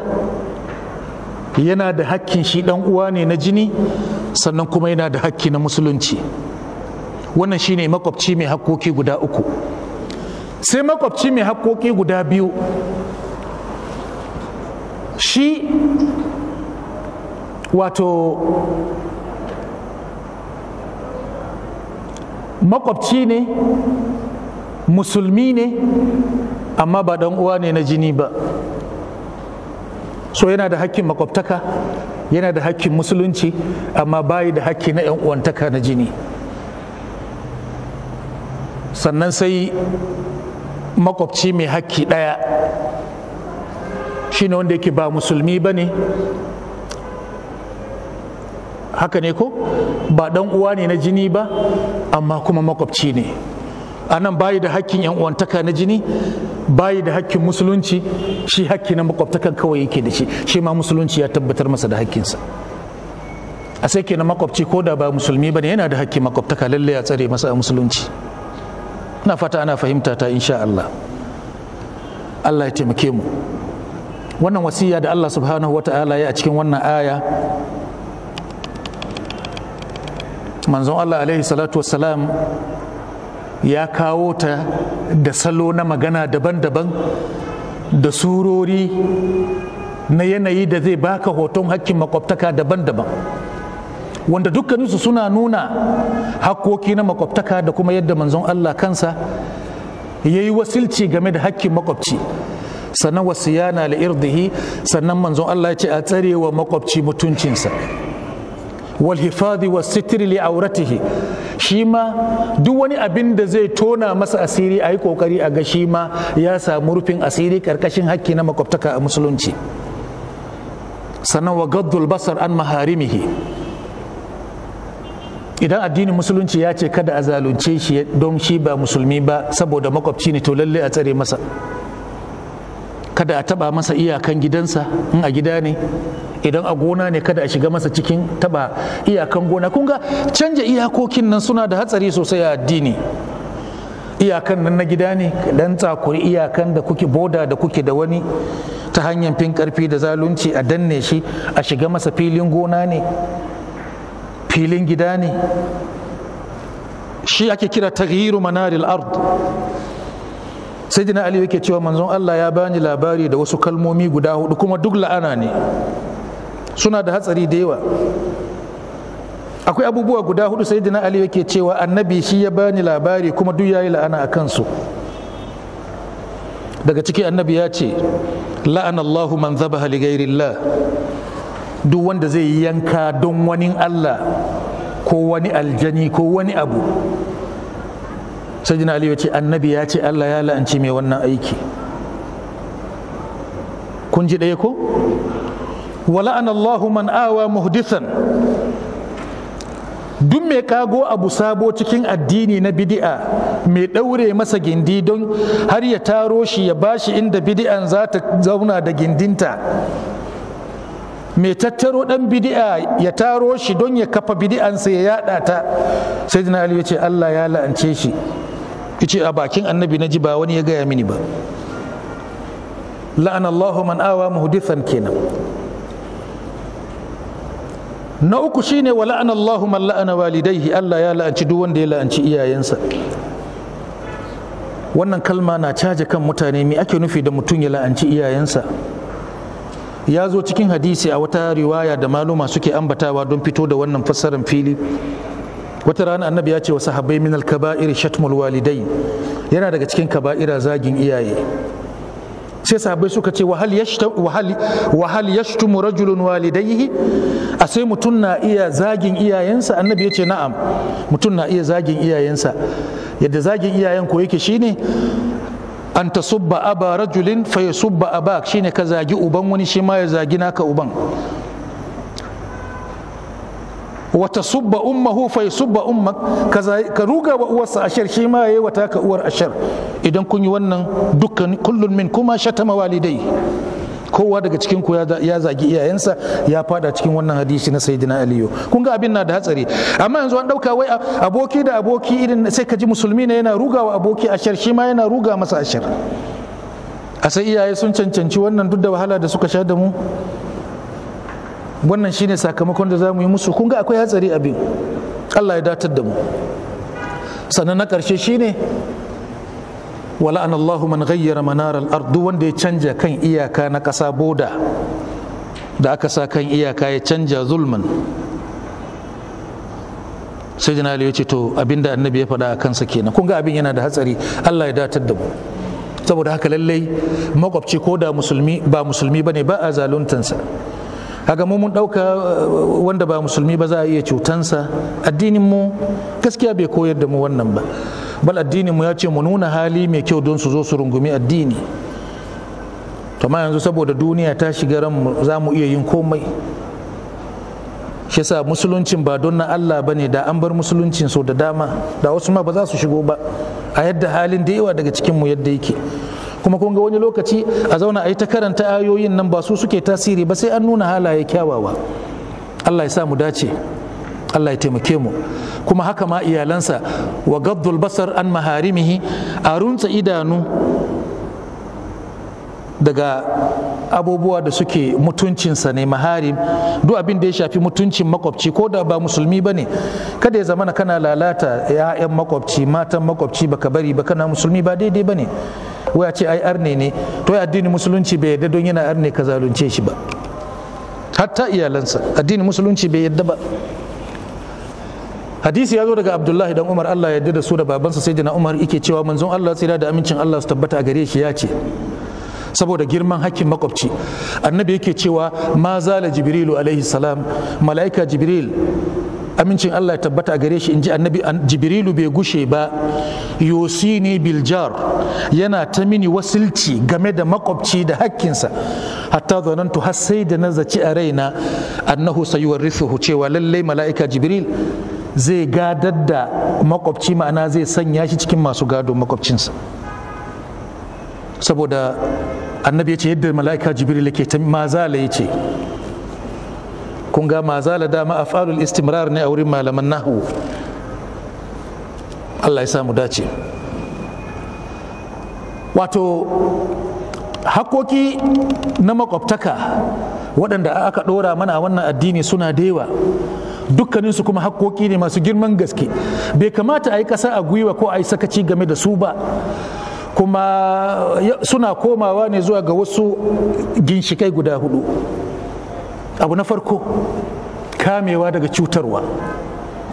S1: yana da haƙƙin shi ɗan uwa ne na jini sannan kuma yana da haƙƙi na musulunci wannan shine makwabci mai hakkoki guda uku sai makwabci mai haƙoƙi guda biyu shi wato makwabci ne musulmi ne amma ba dan uwa ne na jini ba so yana da hakkin makwabtaka yana da hakkin musulunci amma bayi da hakki na 'yan uwantaka na jini sannan sai makwabci mai hakki ɗaya shine wanda yake ba musulmi ba ne haka ne ko ba ɗan uwa ne na jini ba amma kuma makwabci ne a nan bayi da hakkin yan uwantaka na jini bayi da hakkin musulunci shi hakki na makwabtakan kawai yake da shi shi ma musulunci ya tabbatar masa da hakkinsa a sai kenan makwabci ko da ba musulmi ba ne yana da hakkin makwabtaka lallai ya tsare masa a musulunci na fata ana fahimta ta insha Allah Allah ya taimake mu wannan wasiya da Allah subhanahu wa ta'ala ya a cikin wannan aya manzon Allah alaihi salatu wassalam ya kawo ta da salo na magana daban-daban da surori na yanayi da zai baka hoton hakkin makwabtaka daban-daban wanda dukkaninsu suna nuna hakkoki na makwabtaka da kuma yadda manzon Allah kansa ya yi wasilci game da hakkin makwabci sannan wasiyana na irdihi sannan manzon Allah ya ce a tsare wa makwabci mutuncinsa wal hifadhi was li auratihi shi ma duk wani abin da zai tona masa asiri a yi kokari a ga shi ma ya samu rufin asiri karkashin hakki na makwabtaka a musulunci sannan wa gaddul basar an maharimihi idan addinin musulunci ya ce kada a zalunce shi don shi ba musulmi ba saboda makwabci ne to lalle a tsare masa kada a taba masa iyakan gidansa in a gida ne idan a gona ne kada a shiga masa cikin taba iyakan gona kun ga canja iyakokin nan suna da hatsari sosai a addini iyakan nan na gida ne dan tsakuri iyakan da kuke boda da kuke da wani ta hanyar fin karfi da zalunci a danne shi a shiga masa filin gona ne filin gida ne shi ake kira taghyiru manaril ard sai ali yake cewa manzon Allah ya bani labari da wasu kalmomi guda hudu kuma duk la'ana ne suna da hatsari da yawa akwai abubuwa guda hudu sai dina ali yake cewa annabi shi ya bani labari kuma duk yayi la'ana a kansu daga ciki annabi ya ce la'ana Allahu man zabaha li ghairillah duk wanda zai yi yanka don wani Allah ko wani aljani ko wani abu sajina aliyu ce annabi ya ce Allah ya la'anci mai wannan aiki kun ji ɗaya ko wala'an Allah man awa muhdisan duk mai kago abu sabo cikin addini na bidi'a mai ɗaure masa gindi don har ya taro shi ya bashi inda bidi'an za ta zauna da gindinta mai tattaro dan bidi'a ya taro shi don ya kafa bidi'ansa ya yada ta sai ali ya Allah ya la'ance shi ce a bakin annabi na ji ba wani ya gaya mini ba la'an Allahu man awa muhdithan kenan na uku shine wa la'an Allahu man la'ana walidaihi Allah ya la'anci duk wanda ya la'anci iyayensa wannan kalma na caje kan mutane me ake nufi da mutum ya la'anci iyayensa ya zo cikin hadisi a wata riwaya da maluma suke ambatawa don fito da wannan fassarar fili wata rana annabi ya ce wa sahabbai min alkaba'ir shatmul walidai yana daga cikin kaba'ira zagin iyaye sai sahabbai suka ce wahal yashtumu rajulun walidai a sai mutum na iya zagin iyayensa annabi ya ce na'am mutum na iya zagin iyayensa yadda zagin iyayen ko yake shine an ta subba aba rajulin fa ya subba aba shine ka zagi uban wani shi ma ya zagi naka uban wata subba ummahu fa ya subba ummak ka ruga wa uwarsa ashar shi ma ya yi wata ka uwar ashar idan kun yi wannan dukkan kullun min kuma shatama walidai kowa daga cikin ku ya zagi iyayensa ya fada cikin wannan hadisi na sayyidina aliyu kun ga abin na da hatsari amma yanzu an dauka wai aboki da aboki irin sai ka ji musulmi ne yana ruga wa aboki ashar shi ma yana ruga masa ashar a sai iyaye sun cancanci wannan duk da wahala da suka sha da mu wannan shine sakamakon da za mu yi musu kun ga akwai hatsari abin Allah ya datar da mu sannan na ƙarshe shine an Allahu man ghayyara manar al-ard wanda ya canja kan iyaka na ƙasa boda da aka sa kan iyaka ya canja zulman sai jina ya ce to abinda annabi ya faɗa a kansa kenan kun ga abin yana da hatsari Allah ya datar da mu saboda haka lallai makwabci ko da musulmi ba musulmi bane ba a zaluntansa haka mu mun ɗauka wanda ba musulmi ba za a iya cutansa addinin mu gaskiya bai koyar da mu wannan ba bal addinin mu ya ce mu nuna hali mai kyau don su zo su rungumi addini ma yanzu saboda duniya ta shiga ran za mu iya yin komai shi musuluncin ba don na Allah bane da an bar musuluncin so da dama da wasu ma ba za su shigo ba a yadda halin da yawa daga cikin mu yadda yake kuma kun ga wani lokaci a zauna a yi ta karanta ayoyin nan ba su suke tasiri ba sai an nuna halaye kyawawa Allah ya sa mu dace Allah ya taimake mu kuma haka ma iyalansa wa gaddul basar an maharimihi a runtsa idanu daga abubuwa da suke mutuncinsa ne maharim duk abin da ya shafi mutuncin makwabci ko da ba musulmi ba ne kada ya zamana kana lalata 'ya'yan makwabci matan makwabci baka bari ba kana musulmi ba daidai ba ne waya ce ai arne ne to ya addini musulunci bai yadda don yana arne ka zalunce shi ba hatta iyalansa addinin musulunci bai yadda ba hadisi ya zo daga abdullahi dan umar allah ya da su da babansa sai jina umar yake cewa manzon allah tsira da amincin allah su tabbata a gare shi ya ce saboda girman hakkin makwabci annabi yake cewa ma zala jibrilu alaihi salam mala'ika jibril amincin allah ya tabbata a gare shi in ji annabi jibrilu bai gushe ba yosini biljar yana ta mini wasilci game da makwabci da hakkinsa hatta zanantu har sai da na zaci a raina annahu sayuwar cewa lallai mala'ika jibril zai gadar da makwabci ma'ana zai sanya shi cikin masu gado makwabcinsa saboda annabi ya ce yadda mala'ika jibril ke ta mazala ya ce kun ga mazala dama a falul istimrar ne a wurin malaman nahu Allah ya samu dace wato hakoki na makwabtaka waɗanda aka ɗora mana a wannan addini suna da yawa dukkaninsu kuma haƙoƙi ne masu girman gaske bai kamata a yi ƙasa a gwiwa ko a yi sakaci game da su ba kuma suna komawa ne zuwa ga wasu ginshikai guda hudu abu na farko kamewa daga cutarwa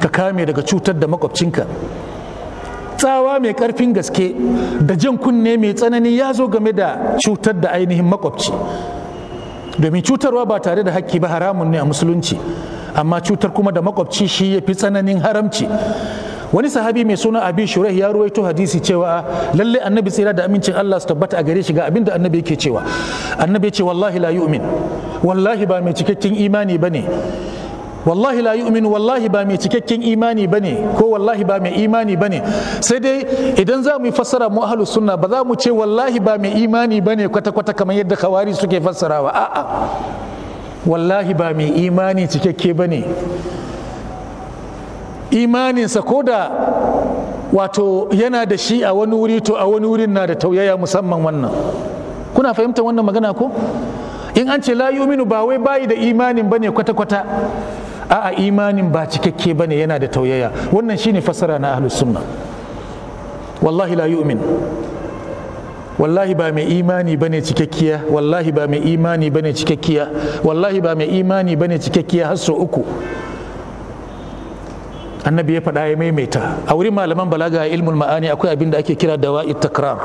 S1: ka kame daga cutar da makwabcinka tsawa mai karfin gaske da jan kunne mai tsanani ya zo game da cutar da ainihin makwabci domin cutarwa ba tare da hakki ba haramun ne a musulunci amma cutar kuma da makwabci shi ya fi tsananin haramci wani sahabi mai suna abi shure ya ruwaito hadisi cewa lalle annabi tsira da amincin Allah su tabbata a gare shi ga abin annabi yake cewa annabi ce wallahi la yu'min wallahi ba mai cikakken imani bane wallahi la yu'min wallahi ba mai cikakken imani bane ko wallahi ba mai imani bane sai dai idan za mu yi fassara mu ahlus sunna ba za mu ce wallahi ba mai imani bane kwata kwata kamar yadda khawari suke fassarawa a'a wallahi ba mai imani cikakke ba ne imaninsa ko da wato yana da shi a wani wuri to a wani wurin na da tauyaya musamman wannan kuna fahimtar wannan magana ko in an ce la yuminu ba wai bayi da imanin bane kwata-kwata a'a imanin ba cikakke ba ne, yana da tauyaya wannan shi ne fassara na ahlus sunna wallahi la yu'min wallahi ba mai imani bane cikakkiya wallahi ba mai imani bane cikakkiya wallahi ba mai imani bane cikakkiya har sau uku annabi ya faɗa ya maimaita a wurin malaman balaga a ilmul ma'ani akwai abin da ake kira da wa'i takrar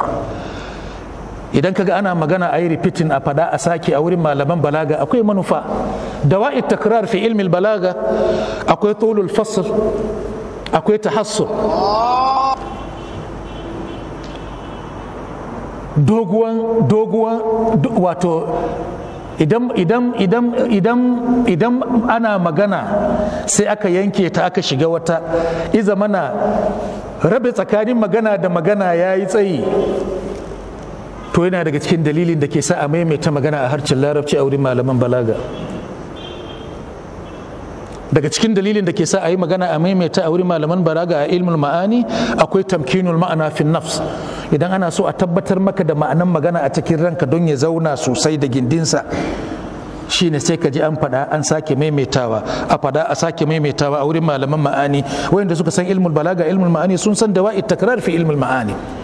S1: idan kaga ana magana a yi ripitin a faɗa a sake a wurin malaman balaga akwai manufa da wa'i takrar fi ilmin balaga akwai tulul fasl akwai tahassur doguwan doguwan wato idan idan idan idan idan ana magana sai aka yanke ta aka shiga wata iza mana rabe tsakanin magana da magana ya yi tsayi to yana daga cikin dalilin da ke sa a maimaita magana a harcin larabci a wurin malaman balaga daga cikin dalilin da ke sa a yi magana a maimaita a wuri malaman balaga a ilmul ma'ani akwai tamkinul ma'ana fin nafs idan ana so a tabbatar maka da ma'anan magana a cikin ranka don ya zauna sosai da gindinsa shine sai ka ji an fada an sake maimaitawa a fada a sake maimaitawa a wurin malaman ma'ani wayanda suka san ilmul balaga ilmul ma'ani sun san dawa'i takrar fi ilmul ma'ani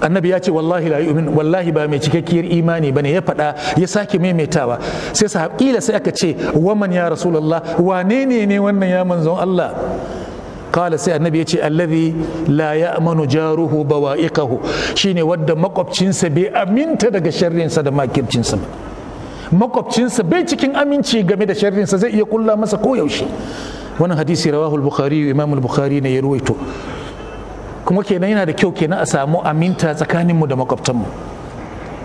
S1: annabi ya ce wallahi la wallahi ba mai cikakkiyar imani ba ne ya faɗa ya sake maimaitawa sai sahabila sai aka ce waman ya rasulullah wane ne ne wannan ya manzon Allah kala sai annabi ya ce allazi la ya'manu jaruhu bawa'iqahu shine wadda makwabcinsa bai aminta daga sharrinsa da makircinsa ba makwabcinsa bai cikin aminci game da sharrinsa zai iya kulla masa koyaushe wannan hadisi rawahu al-bukhari imam al ne ya ruwaito kuma kenan yana da kyau kenan a samu aminta tsakaninmu da makwabtanmu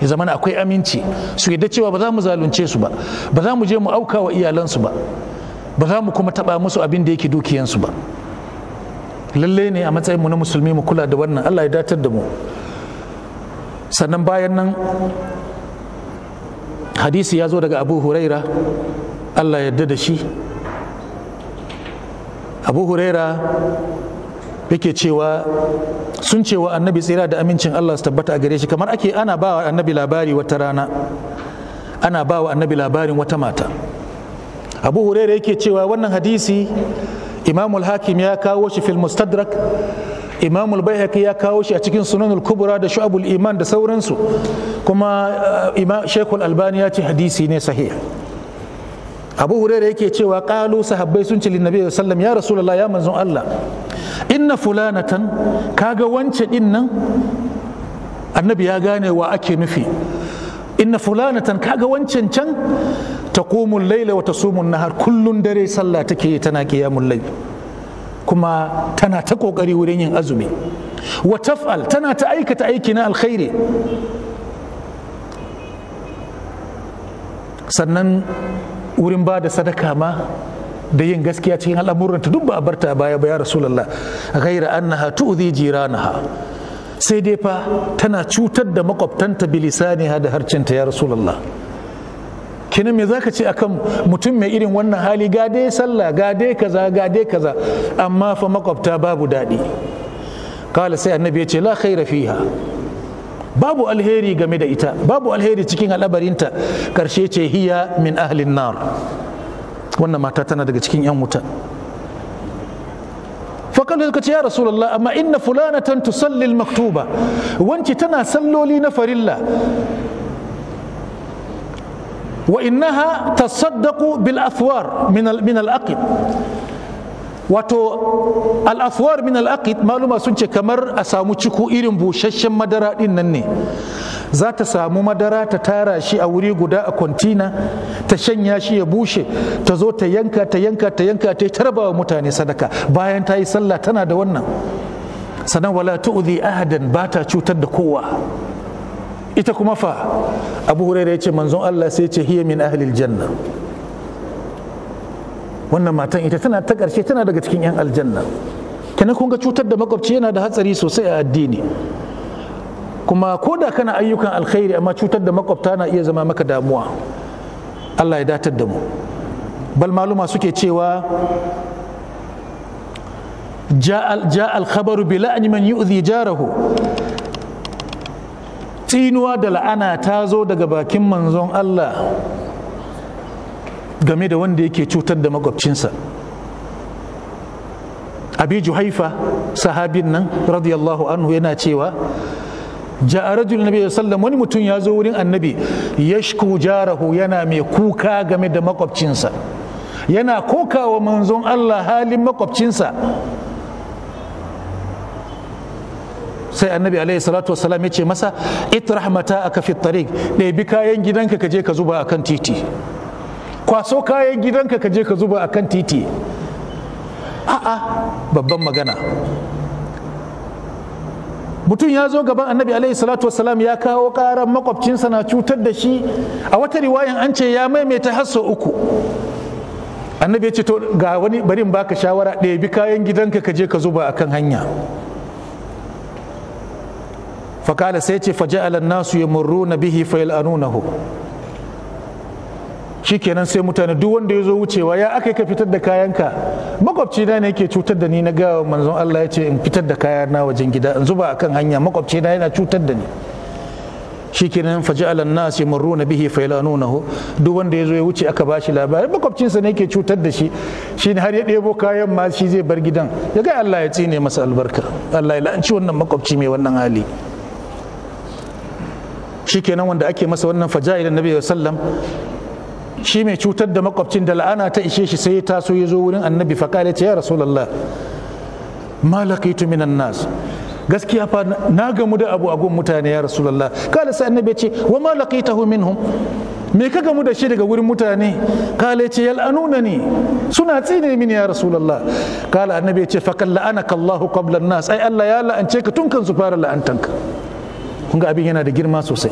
S1: ya zama akwai aminci su yadda cewa ba za mu zalunce su ba ba za mu je mu auka wa iyalansu ba ba za mu kuma taba musu abin da yake dukiyansu ba lalle ne a matsayin mu na musulmi mu kula da wannan Allah ya datar da mu sannan bayan nan hadisi ya zo daga Abu Huraira Allah ya yarda da shi Abu Huraira yake cewa sun cewa annabi tsira da amincin Allah su tabbata a gare shi kamar ake ana ba wa annabi labari wata rana ana ba wa annabi labarin wata mata abu huraira yake cewa wannan hadisi imamul hakim ya kawo shi fil mustadrak imamul bayhaqi ya kawo shi a cikin sunanul kubra da shu'abul iman da sauransu kuma uh, shekul albani ya ce hadisi ne sahih abu hurairah yake cewa qalu sahabbai sun ce linnabi sallam ya rasulullah ya manzon Allah inna fulanatan kaga wance din nan annabi ya gane wa ake nufi inna fulanatan kaga wancan can taqumul laila wa tasumun nahar kullun dare sallah take tana qiyamul layl kuma tana ta kokari wurin yin azumi wa taf'al tana ta aikata aiki na alkhairi sannan wurin ba da sadaka ma da yin gaskiya cikin al'amuran ta duk ba a barta baya ba ya rasulullah ghaira annaha tu'zi jiranaha sai dai fa tana cutar da makwabtanta ha da harcinta ya rasulullah kinan me zaka ce akan mutum mai irin wannan hali ga dai sallah ga dai kaza ga dai kaza amma fa makwabta babu daɗi kala sai annabi ya ce la khaira fiha babu alheri game da ita babu alheri cikin al'abarinta karshe ce hiya min ahlin nar wannan mata tana daga cikin yan wuta fakan da kace ya rasulullah amma inna fulanatan tusalli maktuba wanci tana salloli na farilla wa innaha tasaddaqu bil athwar min al min wato al'afuwar min al'aqid maluma sun ce kamar a samu ciko irin busasshen madara din nan ne za ta samu madara ta tara shi a wuri guda a kwantina ta shanya shi ya bushe ta zo ta yanka ta yanka ta yanka ta tarba wa mutane sadaka bayan ta yi sallah tana da wannan sanan wala tu'zi ahadan ba ta cutar da kowa ita kuma fa abu hurairah ya ce manzon Allah sai ya ce hiya min ahlil janna wannan matan ita tana ta ƙarshe tana daga cikin 'yan aljanna kenan kun ga cutar da makwabci yana da hatsari sosai a addini kuma ko da kana ayyukan alkhairi amma cutar da makwabta na iya zama maka damuwa Allah ya datar da mu bal maluma suke cewa ja alkhabaru bi la'ani man yu'zi jarahu tsinuwa da la'ana ta zo daga bakin manzon Allah game da wanda yake cutar da makwabcinsa abi juhaifa sahabin nan radiyallahu anhu yana cewa ja'a rajul nabi sallam wani mutum ya zo wurin annabi yashku jarahu yana mai kuka game da makwabcinsa yana wa manzon Allah halin makwabcinsa sai annabi alaihi salatu wasalam ya ce masa rahmata aka fi tariq ɗebi kayan gidanka ka je ka zuba akan titi kwaso kayan gidanka ka je ka zuba a kan titi a'a babban magana mutum ya zo gaban annabi alaihi salatu wasalam ya kawo karan makwabcinsa na cutar da shi a wata riwayan an ce ya maimaita hasso uku annabi ya ce to ga wani barin baka shawara Ɗaya bi kayan gidanka ka je ka zuba akan hanya fakala sai ce faja'alan nasu na bihi fayal'anunahu shikenan sai mutane duk wanda ya zo wucewa ya aka ka fitar da kayanka makwabci na ne yake cutar da ni na gawa manzon Allah ya ce in fitar da na wajen gida in zuba akan hanya makwabci na yana cutar da ni shikenan faja'ala an-nas na bihi faylanunahu duk wanda ya zo ya wuce aka bashi labarin makwabcinsa ne yake cutar da shi shine har ya ɗebo kayan ma shi zai bar gidan ya ga Allah ya tsine masa albarka Allah ya la'anci wannan makwabci mai wannan hali shikenan wanda ake masa wannan faja'ila nabi sallam shi mai cutar da makwabcin da la'ana ta ishe shi sai ya taso ya zo wurin annabi fakale ce ya rasulallah ma laqaitu minan nas gaskiya fa na gamu da abu agun mutane ya rasulallah kala sai annabi ce wa ma laqaitahu minhum me ka gamu da shi daga wurin mutane kala ce yal'anuna ni suna tsine mini ya rasulallah kala annabi ya ce fakal la'anaka Allahu qabla nas ai Allah ya la'ance ka tun kan su fara la'antanka kun ga abin yana da girma sosai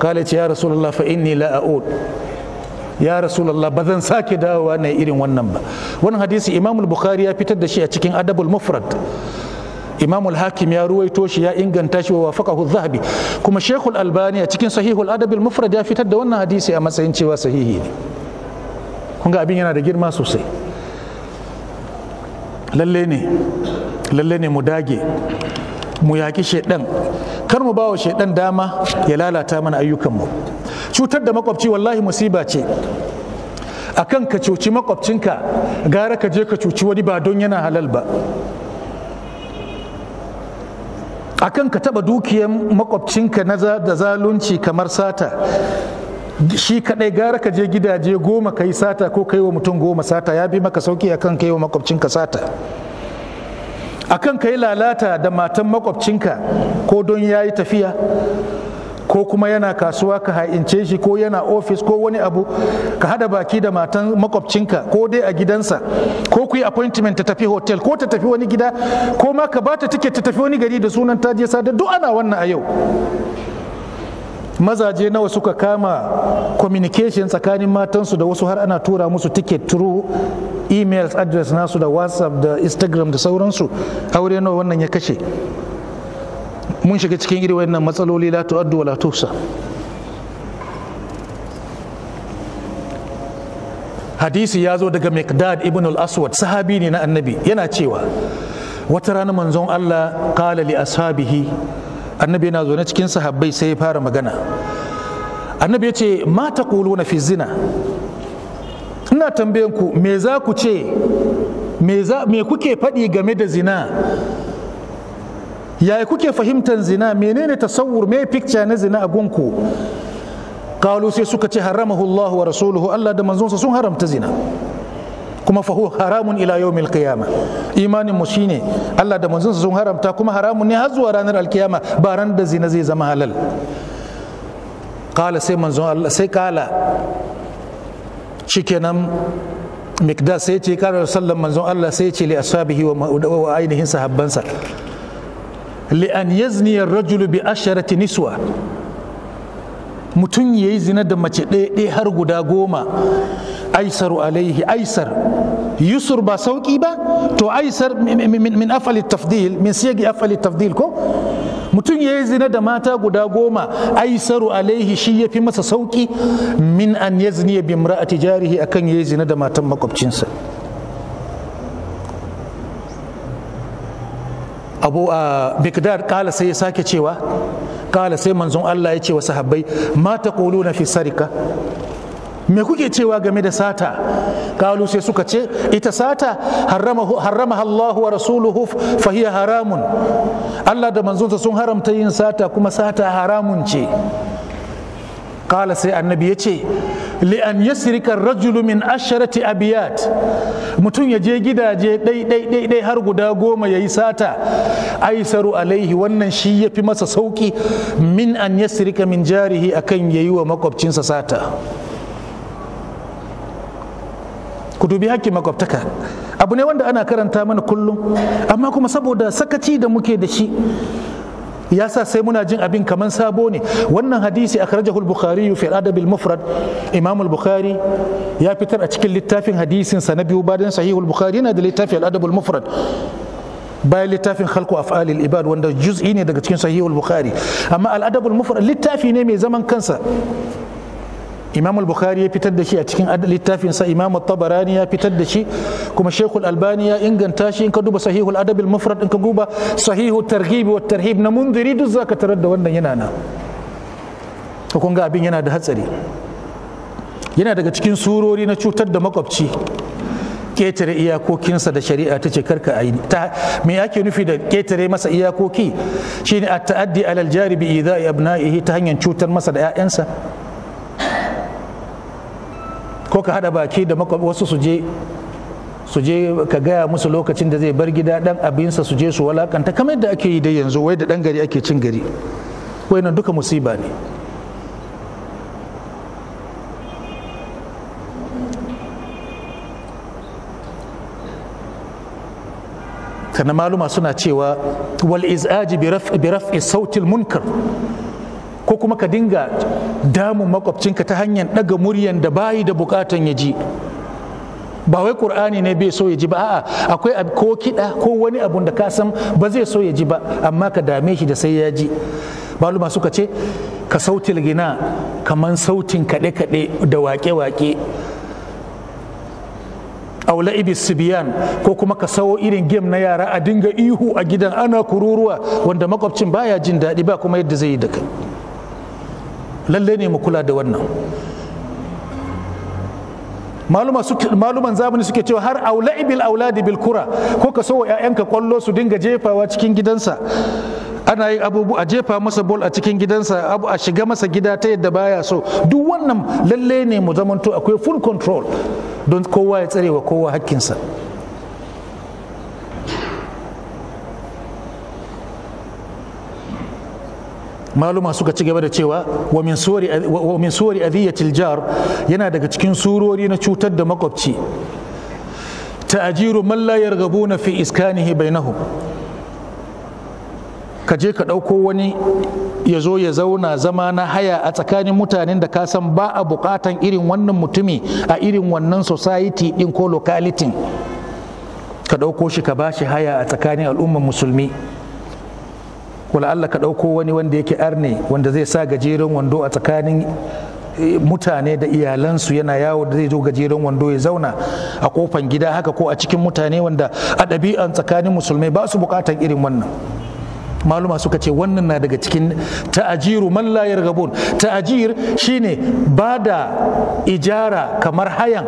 S1: kala ce ya rasulallah fa inni la ya rasulullah ba zan sake dawowa na irin wannan ba wannan hadisi imamul bukhari ya fitar da shi a cikin adabul mufrad imamul hakim ya ruwaito shi ya inganta shi wa wafaqahu zahabi kuma shekul albani a cikin sahihul adabul mufrad ya fitar da wannan hadisi a matsayin cewa sahihi ne kun ga abin yana da girma sosai lalle ne lalle ne mu dage mu yaki shaidan kar mu ba wa shaidan dama ya lalata mana ayyukanmu cutar da makwabci wallahi musiba ce A kan ka cuci makwabcinka gara ka je ka cuci wani ba don yana halal ba A kan ka taba dukiyar makwabcinka na da zalunci kamar sata shi kadai gara ka je gidaje goma ka yi sata ko ka yi wa mutum goma sata ya bi maka sauki kan ka yi wa makwabcinka sata A kan ka yi lalata da matan makwabcinka ko don ya yi tafiya ko kuma yana kasuwa ka ha'ince shi ko yana ofis ko wani abu ka hada baki da matan makwabcinka ko dai a gidansa ko ku yi appointment ta tafi hotel ko ta tafi wani gida ko ma ka ba ta ticket ta tafi wani gari da sunan ta je sadar duk ana wannan a yau mazaje nawa suka kama communication tsakanin matansu da wasu har ana tura musu ticket through email address nasu da whatsapp da instagram da sauransu aure nawa wannan ya kashe mun shiga cikin iri wannan matsaloli la tu'addu wa la tuhsa hadisi ya zo daga miqdad ibn al-aswad sahabi ne na annabi yana cewa wata rana manzon Allah qala li ashabihi annabi yana zo na cikin sahabbai sai ya fara magana annabi ya ce ma taquluna fi zina ina tambayan ku me za ku ce me kuke faɗi game da zina yaya kuke fahimtar zina menene tasawur me picture na zina a gunku qalu sai suka ce haramahu Allah wa rasuluhu Allah da manzonsa sun haramta zina kuma fahu haramun ila yawmil qiyama imanin mu shine Allah da manzonsa sun haramta kuma haramun ne har zuwa ranar alkiyama ba ran da zina zai zama halal Ƙala sai manzon Allah sai kala shikenan mikdas sai ce kara sallan manzon Allah sai ce li ashabihi wa ainihin sahabbansa li'an yazni rajulu bi asharati mutum ya yi zina da mace ɗaya har guda goma aisaru alaihi aisar yusur ba sauƙi ba to aisar min afali tafdil min siyagi afali tafdil ko mutum ya yi zina da mata guda goma aisaru alaihi shi ya fi masa sauƙi min an yazni bi imra'ati jarihi akan ya yi zina da matan makwabcinsa abu a ah, bikdar kala sai ya sake cewa kala sai manzon Allah ya ce wa sahabbai ma na fi sarika me kuke cewa game da sata kalu sai suka ce ita sata harrama Allah wa rasuluhu fahiya haramun Allah da manzonsa sun haramta yin sata kuma sata haramun ce kala sai annabi ya ce li'an yasrika rajulu min asharati abiyat mutum ya je gidaje ɗai ɗai ɗai har guda goma ya yi sata aisaru alaihi wannan shi ya fi masa sauki min an yasrika min jarihi akan yayi wa makwabcinsa sata ku dubi hakkin makwabtaka abu ne wanda ana karanta mana kullum amma kuma saboda sakaci da muke da shi ya sa sai muna jin abin kamar sabo ne wannan hadisi a al-bukhari fi al mufrad imam bukhari ya fitar a cikin littafin hadisinsa na biyu bayan sahihul al-bukhari yana da littafin al al-mufrad bayan littafin khalqu af'alil ibad wanda juz'i ne daga cikin sahihul bukhari amma al-adabul mufrad littafi ne mai zaman kansa imam al-bukhari ya fitar da shi a cikin littafin sa imam tabarani ya fitar da shi kuma shekul albani ya inganta shi in ka duba sahihul adabil mufrad in ka duba sahihu targhib wa tarhib na mundiri duk zaka tarar da wannan yana na to kun ga abin yana da hatsari yana daga cikin surori na cutar da makwabci Ketare iyakokinsa da shari'a ta ce karka a yi me ake nufi da ketare masa iyakoki shine a ta'addi alal jaribi bi abna'ihi ta hanyar cutar masa da 'ya'yansa ko ka hada baki da wasu su je ka gaya musu lokacin da zai bar gida dan abinsa su je su walakanta kamar yadda ake yi da yanzu wai da dan gari ake cin gari Wai nan duka musiba ne haka na maluma suna cewa wal izaji bi raf'i sautil munkar ko kuma ka dinga damun makwabcinka ta hanyar daga muryan da bayi da bukatan ya ji ba wai qur'ani ne bai so ya ji ba a'a akwai ko kiɗa ko wani abun da ka san ba zai so ya ji ba amma ka dame shi da sai ya ji maluma suka ce ka sautil gina kaman sautin kade-kade da waƙe-waƙe aw la'ibi sibiyan ko kuma ka sawo irin game na yara a dinga ihu a gidan ana kururuwa wanda makwabcin baya jin daɗi ba kuma yadda zai yi da kai lalle ne mu kula da wannan maluman zamani suke cewa har aula'i bil auladi bil kura ko ka so ƴaƴanka kwallo su dinga jefawa cikin gidansa ana yin abubu a jefa masa bol a cikin gidansa abu a shiga masa gida ta yadda baya so duk wannan lalle ne mu zamanto akwai full control don kowa ya tsarewa kowa hakkinsa maluma suka ci gaba da cewa wa min suwari adhiyatil jar yana daga cikin surori na cutar da makwabci ta'ajiru man la yarghabuna fi iskanihi bainahum ka je ka ɗauko wani ya zo ya zauna zama na haya a tsakanin mutanen da ka san ba a buƙatan irin wannan mutumi a irin wannan society ɗin ko locality ka ɗauko shi ka ba shi haya a tsakanin al'ummar musulmi wala Allah ka ɗauko wani wanda yake arne wanda zai sa gajeren wando a tsakanin e, mutane da iyalansu yana yawo da zai zo gajeren wando ya zauna a kofan gida haka ko a cikin mutane wanda a ɗabi'an tsakanin musulmai ba su bukatan irin wannan maluma suka ce wannan na daga cikin ta'ajiru man la yarghabun ta'ajir shine bada ijara kamar hayan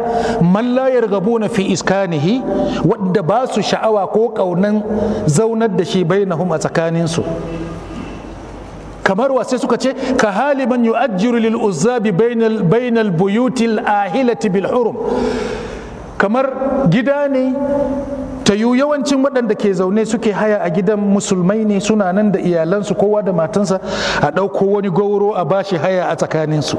S1: man la yarghabuna fi iskanihi wadda ba su sha'awa ko kaunan zaunar da shi bainahum a tsakanin su kamar wasai suka ce ka hali yu'ajjiru lil uzzabi bainal bainal buyutil ahilati bil hurum kamar gida ne ta yiwu yawancin waɗanda ke zaune suke haya a gidan musulmai ne suna nan da iyalansu kowa da matansa a ɗauko wani gauro a bashi haya a tsakaninsu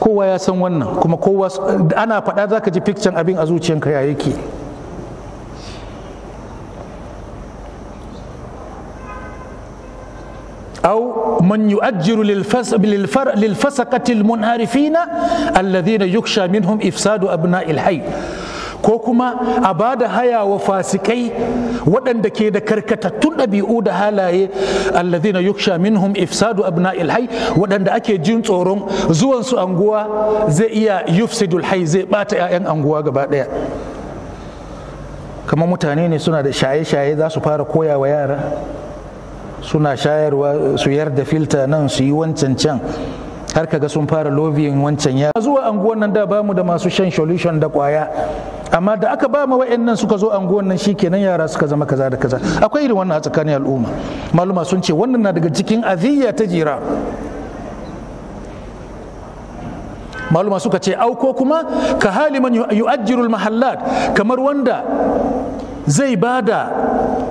S1: kowa ya san wannan kuma kowa ana faɗa za ka ji fikcin abin a zuciyanka ya yake أو من يؤجر للفسقة المنحرفين الذين يخشى منهم إفساد أبناء الحي ko kuma a ba da haya wa fasikai waɗanda ke da karkatattun ɗabi'u da halaye allazi na yuksha minhum ifsadu abna ilhai waɗanda ake jin tsoron zuwansu anguwa zai iya yufsidul hai zai ɓata 'ya'yan anguwa gaba ɗaya kamar mutane ne suna da shaye-shaye za su fara koya wa yara suna shayarwa su da filta nan su yi wancan can har kaga sun fara lobiyin wancan ya zuwa anguwan nan da mu da masu shan solution da kwaya amma da aka ba ma wa'annan suka zo anguwan nan shikenan yara suka zama kaza da kaza akwai irin wannan a tsakanin al'umma maluma sun ce wannan na daga cikin aziyya ta jira maluma suka ce auko kuma ka haliman yu'ajjiru al-mahallat kamar wanda zai ba da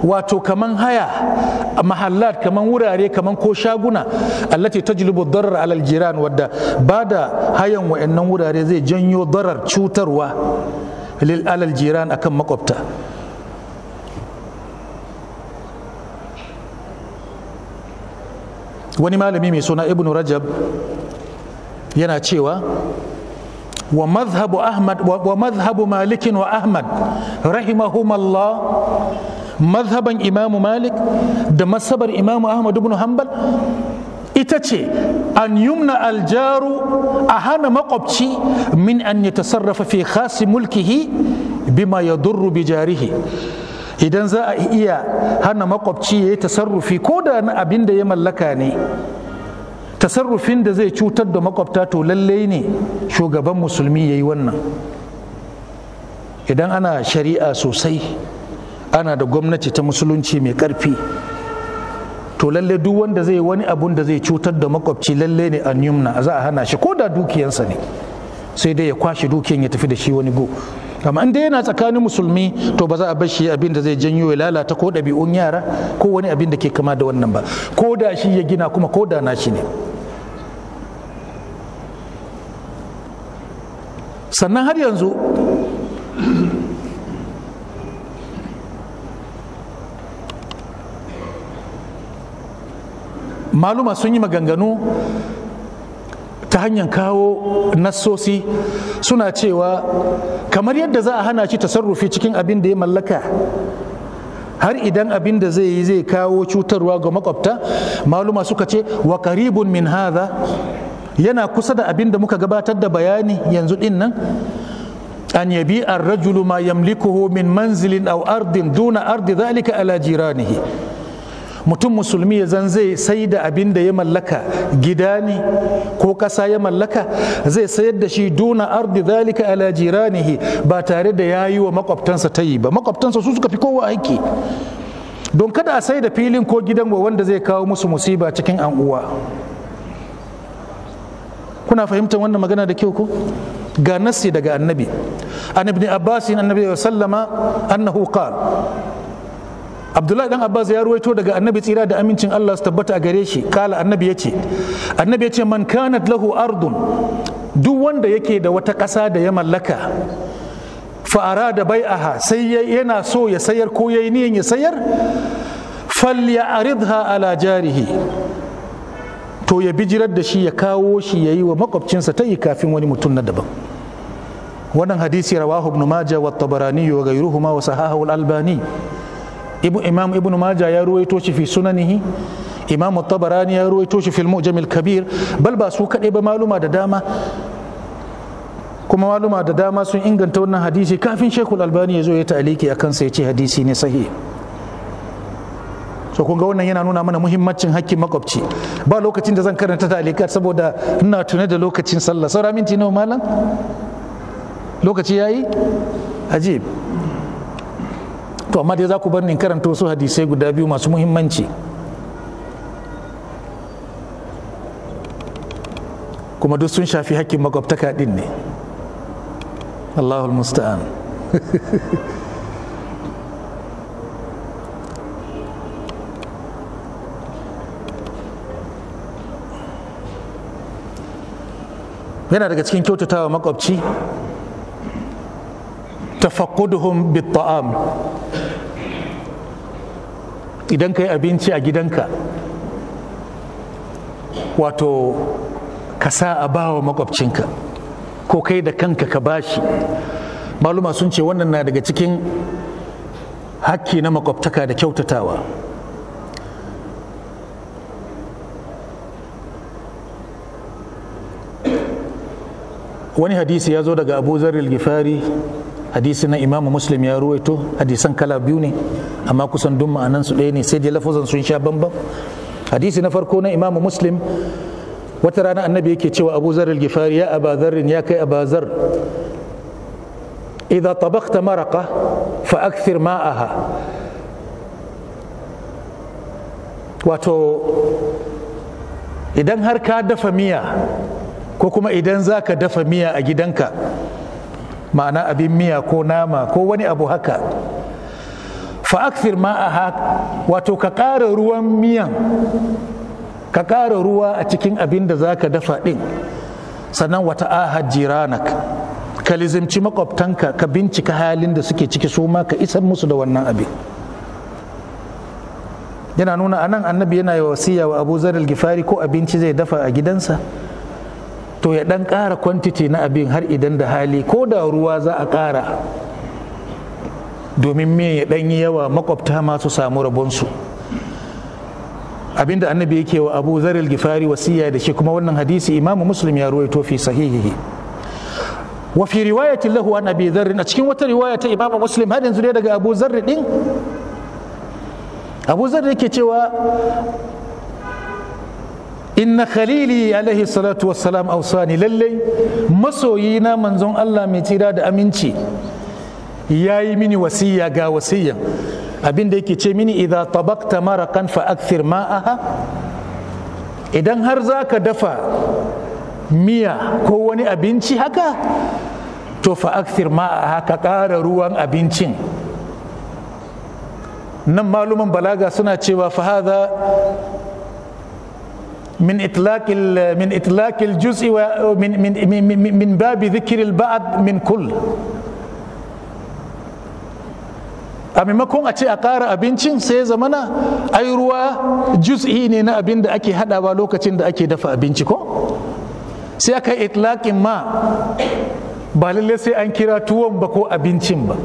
S1: wato kaman haya mahallat kaman wurare kaman ko shaguna allati jilubu darar alal jiran wadda ba da hayan wa'annan wurare zai janyo darar cutarwa lil alal jiran akan makwabta wani malami mai suna ibnu rajab yana cewa ومذهب أحمد ومذهب مالك وأحمد رحمهما الله مذهبا إمام مالك ده مسبر إمام أحمد بن حنبل ita ce an yumna aljaru a hana makwabci min an ya tasarrafa fi khasi mulkihi bima ya durru bi jarihi idan za a iya hana makwabci ya yi tasarrufi ko da na abin da ya mallaka ne tasarrufin da zai cutar da makwabta to lallai ne shugaban musulmi ya yi wannan idan ana shari'a sosai ana da gwamnati ta musulunci mai karfi to lalle duk wanda zai wani abun da zai cutar da makwabci lalle ne a yumna za a hana shi ko da dukiyansa ne sai dai ya kwashe dukiyan ya tafi da shi wani go amma in dai yana tsakanin musulmi to ba za a bar shi abin da zai janyo ya lalata ko ɗabi'un yara ko wani abin da ke kama da wannan ba ko da shi ya gina kuma ko da na ne sannan har yanzu maluma sun yi maganganu ta hanyar kawo nassosi suna cewa kamar yadda za a hana shi tasarrufi cikin abin da ya mallaka har idan abin da zai yi zai kawo cutarwa ga makwabta maluma suka ce wa karibun min haza yana kusa da abin da muka gabatar da bayani yanzu din nan an yabi rajulu ma yamlikuhu min manzilin aw ardin duna ardi zalika ala jiranihi mutum musulmi ya zan zai sai da abin da ya mallaka gida ne ko ƙasa ya mallaka zai sayar da shi duna ardi zalika ala jiranihi ba tare da ya yi wa makwabtansa ta yi ba makwabtansa su suka fi kowa aiki don kada a sai da filin ko gidan wa wanda zai kawo musu musiba cikin an uwa kuna fahimtar wannan magana da kyau ko ga nassi daga annabi an ibn abbas annabi sallama annahu qala abdullahi dan abbas ya ruwaito daga annabi tsira da amincin allah su tabbata a gare shi kala annabi ya ce annabi ya ce man kanat lahu ardun duk wanda yake da wata ƙasa da ya mallaka fa'ara da bai'aha sai yana so ya sayar ko yayi niyan ya sayar falyaridha ala jarihi to ya bijirar da shi ya kawo shi ya yi wa makwabcinsa ta yi kafin wani mutum na daban wannan hadisi rawahu ibn majah wa tabarani wa ghayruhuma wa sahahu al-albani imam ibn maja ya ruwaito shi fi sunanihi imam tabarani ya ruwaito shi fil mu'jamil kabir bal ba su kadai ba maluma da dama kuma maluma da dama sun inganta wannan hadisi kafin shekul albani ya zo ya taliki akan sai ya ce hadisi ne sahihi so kun ga wannan yana nuna mana muhimmancin hakkin makwabci ba lokacin da zan karanta ta'alikat saboda ina tune da lokacin sallah saura minti nawa malam lokaci yayi ajib to amma dai za ku bar ni karanta wasu hadisai guda biyu masu muhimmanci kuma duk sun shafi hakkin makwabtaka din ne allahul musta'an yana daga cikin kyautatawa makwabci tafakuduhum bit-ta'am idan kai abinci a gidanka wato ka sa a bawa makwabcinka ko kai da kanka ka bashi maluma sun ce wannan na daga cikin hakki na makwabtaka da kyautatawa wani hadisi ya zo daga abu zarril gifari hadisi na imamu muslim ya ruwaito hadisan kala biyu ne amma kusan duk ma'anan su ɗaya ne sai dai lafazan sun sha bambam hadisi na farko na imamu muslim wata rana annabi yake cewa abu zar gifari ya abazarin ya kai abazar idza tabaqta maraqa fa akthir ma'aha wato idan har ka dafa miya ko kuma idan za ka dafa miya a gidanka ma'ana abin miya ko nama ko wani abu haka fa a ma'aha wato ka ƙara ruwan miyan ka ƙara ruwa a cikin abin da za ka dafa ɗin sannan wata ahad jiranak ka lizimci makwabtanka ka bincika halin da suke ciki su ma ka isar musu da wannan abin yana nuna anan annabi yana yi wasiya wa abu zarar gifari ko abinci zai dafa a gidansa to ya dan ƙara kwantiti na abin har idan da hali ko da ruwa za a ƙara domin me ya dan yi yawa makwabta masu samu rabonsu abinda annabi yake wa abu zaril gifari wasiya da shi kuma wannan hadisi imamu muslim ya ruwaito fi sahihihi wa fi riwayati lahu an abi zarrin a cikin wata riwaya ta imamu muslim hadin zuriya daga abu zarri din abu zarri yake cewa inna khalili alaihi salatu wassalam ausani lallai masoyi na manzon Allah mai tsira da aminci ya yi mini wasiya ga wasiya abin da yake ce mini idza tabakta maraqan fa akthir ma'aha idan har za ka dafa miya ko wani abinci haka to fa akthir ma'aha ka ƙara ruwan abincin nan maluman balaga suna cewa fa من اطلاق من اطلاق الجزء ومن من من من باب ذكر البعض من كل a maimakon a ce a ƙara abincin sai zamana ai ruwa juz'i ne na abin da ake haɗawa lokacin da ake dafa abinci ko sai aka yi itlaƙin ma ba lalle sai an kira tuwon ba ko abincin ba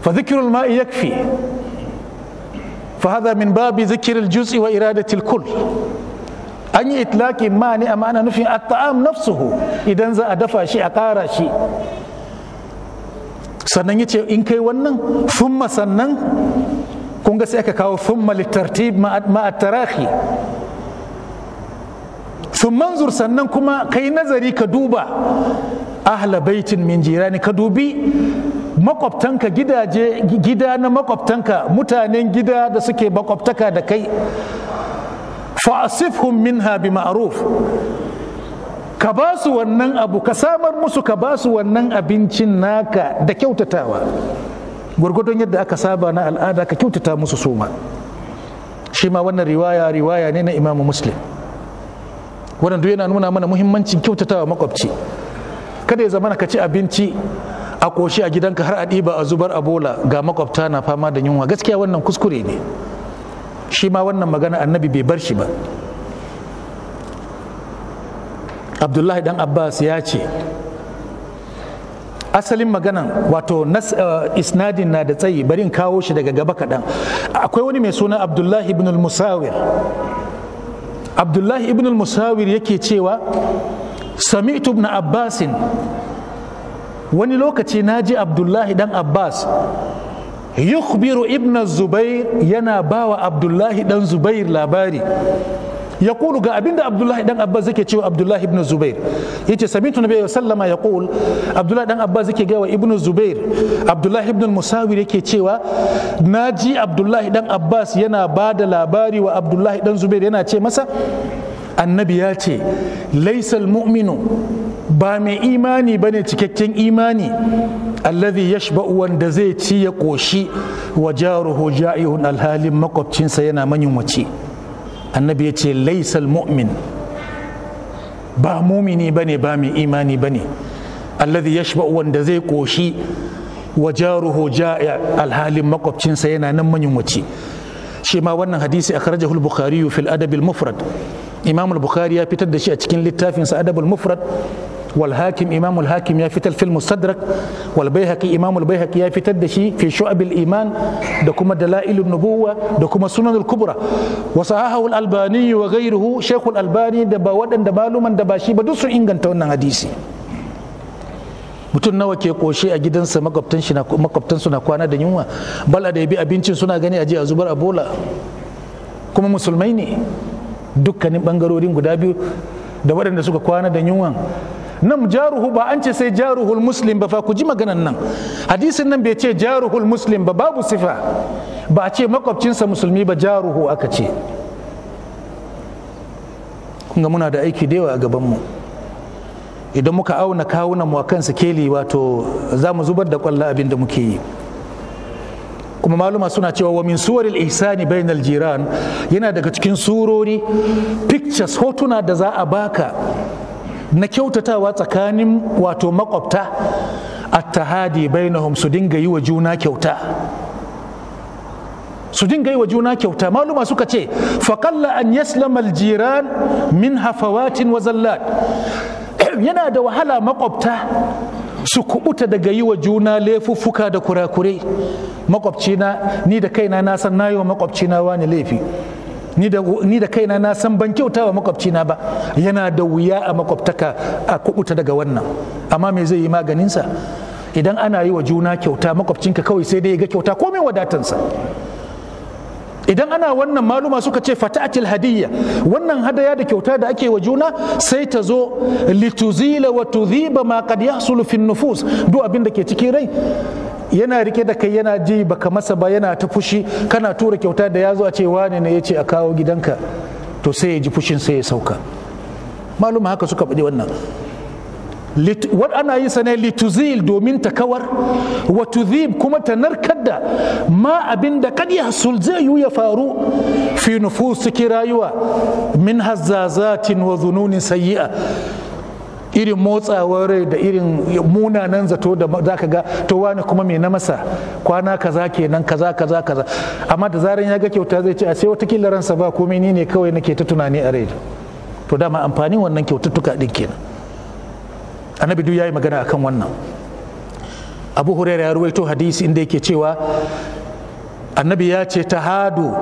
S1: fa zikirul ma'i yakfi fa hada min babi zikirul juz'i wa iradatil kull an yi itlaƙin ma ne amma ana nufin at-ta'am nafsuhu idan za a dafa shi a ƙara shi sannan ya ce in kai wannan thumma sannan kun ga sai aka kawo thumma littartib ma'a tarahi thumman sannan kuma kai nazari ka duba ahla baitin min jirani ka dubi makwabtanka gidaje gida na makwabtanka mutanen gida da suke makwabtaka da kai fa'asifhum minha bi ma'ruf ka ba su wannan abu ka samar musu ka ba su wannan abincin naka da kyautatawa gwargwadon yadda aka saba na al'ada ka kyautata musu suma shi ma wannan riwaya riwaya ne na imamu muslim wannan yana nuna mana muhimmancin kyautatawa makwabci kada ya zama ka ci abinci a ƙoshi a gidanka har a ɗiba a zubar a bola ga makwabta na fama da yunwa gaskiya wannan kuskure ne shi ma wannan magana annabi bai bar shi ba abdullahi dan abbas ya ce asalin maganan wato eh, isnadin na da tsayi bari in kawo shi daga gaba kaɗan akwai wani mai suna abdullahi ibn musawir abdullahi ibn musawir yake cewa sami'tu ibn abbasin wani lokaci na ji abdullahi dan abbas yukhbiru ibn zubair yana bawa abdullahi dan zubair labari Yaƙulu ga abinda abdullahi dan abbas yake cewa abdullahi ibn zubair yace samitu nabi sallama ya kul abdullahi dan abbas yake gaya wa ibn zubair abdullahi ibn musawir yake cewa na ji abdullahi dan abbas yana ba da labari wa abdullahi dan zubair yana ce masa annabi ya ce laisal mu'minu ba mai imani ba ne cikakken imani allazi yashba'u wanda zai ci ya ƙoshi wa jaruhu ja'ihun alhalin makwabcinsa yana manyan wace. annabi ya ce laisal mu'min ba mumini ba ne ba mai imani ba ne allazi yashba'u wanda zai ƙoshi wa jaruhu ja'i alhalin makwabcinsa yana nan wace. shi ma wannan hadisi akhrajahu al-bukhari fil adab al-mufrad imam al-bukhari ya fitar da shi a cikin littafinsa adab mufrad والهاكم إمام الهاكم يا فتل في المستدرك والبيهقي إمام البيهقي يا فتل دشي في شعب الإيمان دكما دلائل النبوة دكما سنن الكبرى وصححه الألباني وغيره شيخ الألباني دبا ودن دبا لمن دبا duk بدوس إنغان wannan حديثي mutum nawa ke koshe a gidansa makwabtansu na kwana da yunwa bala da ya bi abincin suna gani a a zubar a bola kuma musulmai ne dukkanin bangarorin guda biyu da waɗanda suka kwana da yunwa. nan jaruhu ba an ce sai jaruhul muslim ba fa ku ji maganan nan hadisin nan bai ce jaruhul muslim ba babu sifa ba a ce makwabcinsa musulmi ba jaruhu aka ce kunga muna da aiki da yawa a gabanmu idan muka auna kawunan mu akan sikeli wato za mu zubar da kwallo abin da muke yi kuma maluma suna cewa wa min suwaril ihsani bainal jiran yana daga cikin surori pictures hotuna da za a baka na kyautatawa tsakanin wato makwabta attahadi bainahum su dinga yi wa juna kyauta su dinga yi wa juna kyauta maluma suka ce faƙalla an yaslama aljiran min hafawatin wa zallat yana da wahala makwabta su kubuta daga yi wa juna laifuffuka da kurakurai makwabcina ni da kaina na san na yi wa makwabcina wani laifi ni da kaina na san ban kyauta wa makwabcina ba yana da wuya a makwabtaka a kubuta daga wannan amma me zai yi maganinsa idan ana yi wa juna kyauta makwabcinka kawai sai dai ya ga kyauta komai wadatansa idan ana wannan maluma suka ce fata'atil hadiyya wannan hadaya da kyauta da ake wa juna sai ta zo lituzila wa tudhiba ma qad yahsulu nufus duk abin da ke cikin rai yana rike da kai yana ji baka masa ba yana ta fushi kana tura kyauta da ya zo a ce wane ne ya ce a kawo gidanka to sai ya ji fushin sai ya sauka malum haka suka faɗi wannan wani ana yi sa ne lituzil domin ta kawar wa tuzib kuma ta narkar da ma abin da kad yahsul zai yu ya faru fi nufus rayuwa min hazzazatin wa zununin sayyi'a irin motsawar rai da irin munanan zato da za ka ga to wani kuma mai na masa kwana kaza kenan kaza kaza kaza amma da zaran ya ga kyauta zai ce a sai watakila ransa ba komai ni ne kawai nake ta tunani a rai to dama amfanin wannan kyaututtuka din kenan annabi duk yayi magana akan wannan abu hurairah ya ruwaito hadisi inda yake cewa annabi ya ce ta hadu.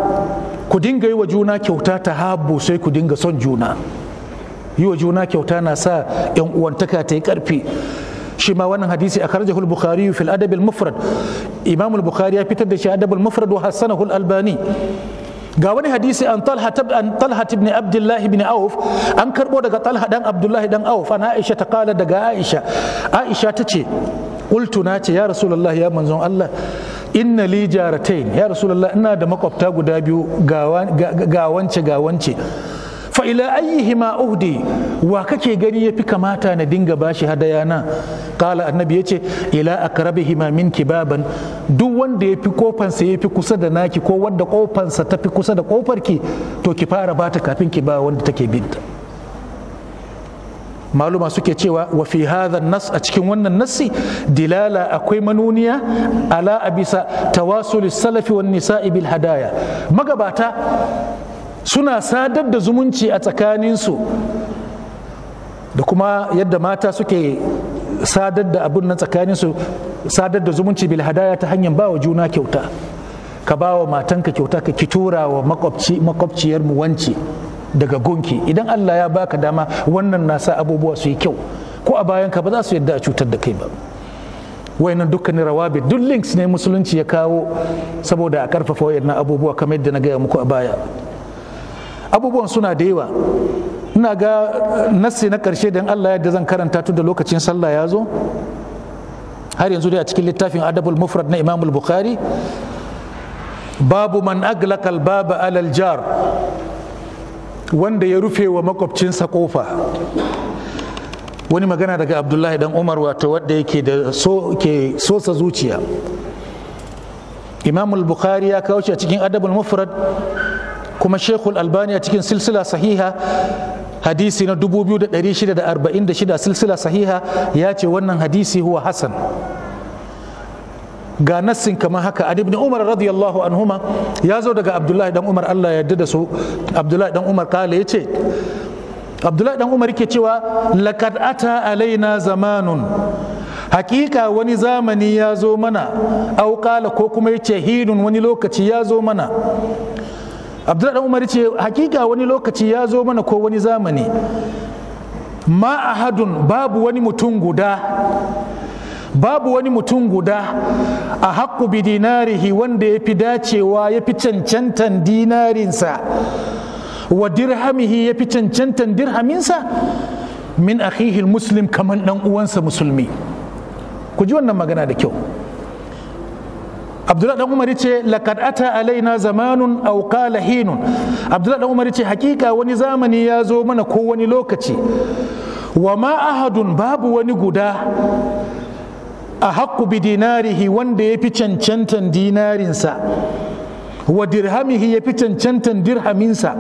S1: ku dinga yi wa juna kyauta ta tahabu sai ku dinga son juna yi wa juna kyauta na sa yan uwantaka ta yi karfi shi ma wannan hadisi a al-bukhari fi al mufrad imam al-bukhari ya fitar da shi adab mufrad wa hasanahu al-albani ga wani hadisi an talha an talha ibn abdullah auf an karbo daga talha dan abdullah dan auf an aisha ta kala daga aisha aisha tace qultu na ce ya rasulullah ya manzon allah inna li jaratain ya rasulullah ina da makwabta guda biyu ga wance ga wance fa ila ma uhdi wa kake gani yafi kamata na dinga bashi hadaya na qala annabi yace ila ma min baban duk wanda yafi kofansa yafi kusa da naki ko wanda kofansa tafi kusa da kofarki to ki fara bata kafin ki ba wanda take binta maluma suke cewa wa fi hadha nas a cikin wannan nassi dilala akwai manuniya ala abisa tawasul salafi wan nisa'i bil hadaya magabata suna sadar da zumunci a tsakaninsu da kuma yadda mata suke sadar da abin nan tsakaninsu sadar da zumunci bil ta hanyar bawa juna kyauta ka ba wa matanka kyauta ka kitura wa makwabciyar mu wanci daga gunki idan Allah ya baka dama wannan na sa abubuwa su yi kyau ko a bayan ka ba za su yadda a cutar da kai ba wayannan dukkanin rawabi duk links ne musulunci ya kawo saboda a karfafa wayannan abubuwa kamar yadda na gaya muku a baya abubuwan suna da yawa ina ga nassi na karshe dan Allah yadda zan karanta tun da lokacin sallah ya zo har yanzu dai a cikin littafin adabul mufrad na imam bukhari babu man aglaqa baba alal jar wanda ya rufe wa makwabcinsa kofa wani magana daga abdullahi dan umar wato wadda yake da so ke sosa zuciya Imamul al-bukhari ya kawo shi a cikin adabul mufrad kuma shekul albani a cikin silsila sahiha hadisi na 2646 silsila sahiha ya ce wannan hadisi huwa hasan ga nassin kamar haka A ibn umar radiyallahu anhuma ya zo daga abdullahi dan umar allah ya yarda da su abdullahi dan umar kala ya ce abdullahi dan umar ke cewa laqad ata alaina zamanun hakika wani zamani ya zo mana au kala ko kuma ya ce hinun wani lokaci ya zo mana abdullahi umar ce hakika wani lokaci ya zo mana ko wani zamani ma ahadun babu wani mutum guda babu wani mutum guda a haƙƙu bi dinarihi wanda ya fi dacewa ya fi cancantan dinarinsa wa dirhamihi ya fi cancantan dirhaminsa min akhihi muslim kamar ɗan uwansa musulmi ku ji wannan magana da kyau abdullahi dan umar yace laqad ata alaina zamanun aw qala hinun dan umar yace hakika wani zamani ya zo mana ko wani lokaci wa ma ahadun babu wani guda a haƙƙu bi dinarihi wanda ya fi cancantan dinarinsa wa dirhamihi ya fi cancantan dirhaminsa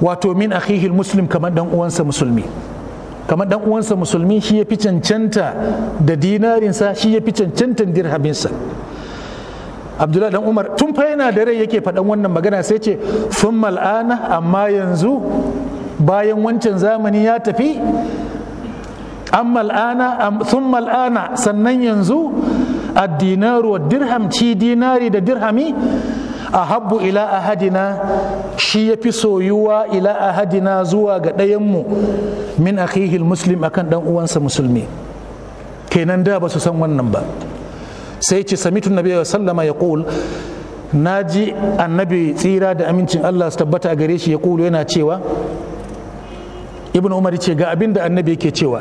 S1: wato min akhihil muslim kamar dan uwansa musulmi kamar dan uwansa musulmi shi ya fi cancanta da dinarinsa shi ya fi cancanta dirhaminsa abdullahi dan umar tun fa yana da rai yake faɗan wannan magana sai ce sun mal'ana amma yanzu bayan wancan zamani ya tafi an mal'ana sun mal'ana sannan yanzu addinaru dirham ci dinari da dirhami ahabbu ila ahadina shi ya fi soyuwa ila ahadina zuwa ga ɗayanmu min akhihil muslim akan ɗan uwansa musulmi kenan da ba su san wannan ba sai ce samitun nabi sallama ya ƙul na ji annabi tsira da amincin allah su tabbata a gare shi ya ƙulu yana cewa ibn umar ce ga abin da annabi yake cewa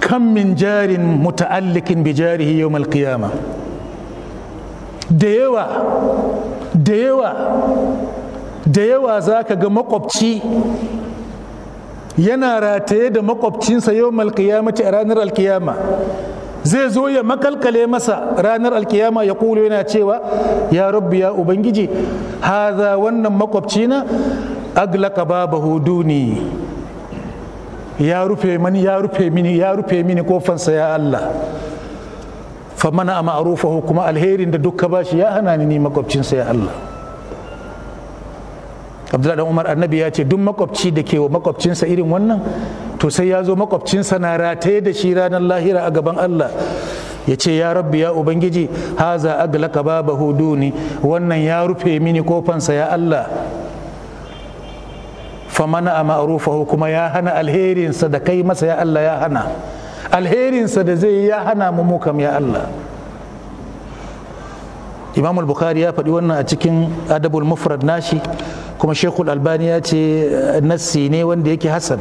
S1: kan min jarin muta'allikin bi jarihi yawmal qiyamah da yawa da yawa da yawa za ka ga makwabci yana rataye da makwabcinsa yau malkiyamaci a ranar alkiyama zai zo ya makalkale masa ranar alkiyama ya kulo yana cewa ya rabbi ya ubangiji haza wannan na aglaka babahu duni ya rufe mini ya rufe mini ya rufe mini kofansa ya Allah fa mana a ma'arufahu kuma alherin da duk ka shi ya hana ni makwabcinsa ya Allah abdullahi dan umar annabi ya ce duk makwabci da ke wa makwabcinsa irin wannan to sai ya zo makwabcinsa na rataye da shi ranar lahira a gaban Allah ya ce ya rabbi ya ubangiji haza aglaka babahu duni wannan ya rufe mini kofansa ya Allah famana a ma'arufahu kuma ya hana alherinsa da kai masa ya Allah ya hana alherinsa da zai ya hana mu mu ya Allah imam al-bukhari ya faɗi wannan a cikin adabul mufrad nashi kuma shekul albani ya ce eh, nassi ne wanda yake Hassan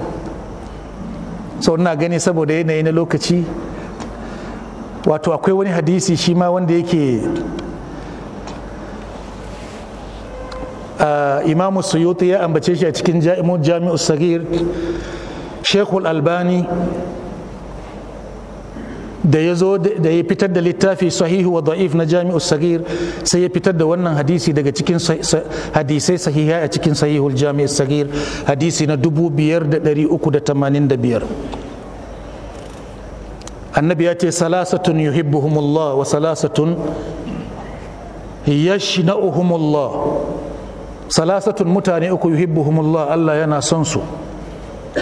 S1: sau ina gani saboda yanayi na lokaci wato akwai wani hadisi shi ma wanda yake eh, imamu suyuti ya ambace shi a cikin jami'u sagir shekul albani da ya zo da ya fitar da littafi sahihu wa da'if na jami'u sagir sai ya fitar da wannan hadisi daga cikin hadisai sahiha a cikin sahihul jami'u sagir hadisi na 5385 annabi ya ce salasatun yuhibbuhumullah wa salasatun yashna'uhumullah salasatun mutane uku yuhibbuhumullah Allah yana son su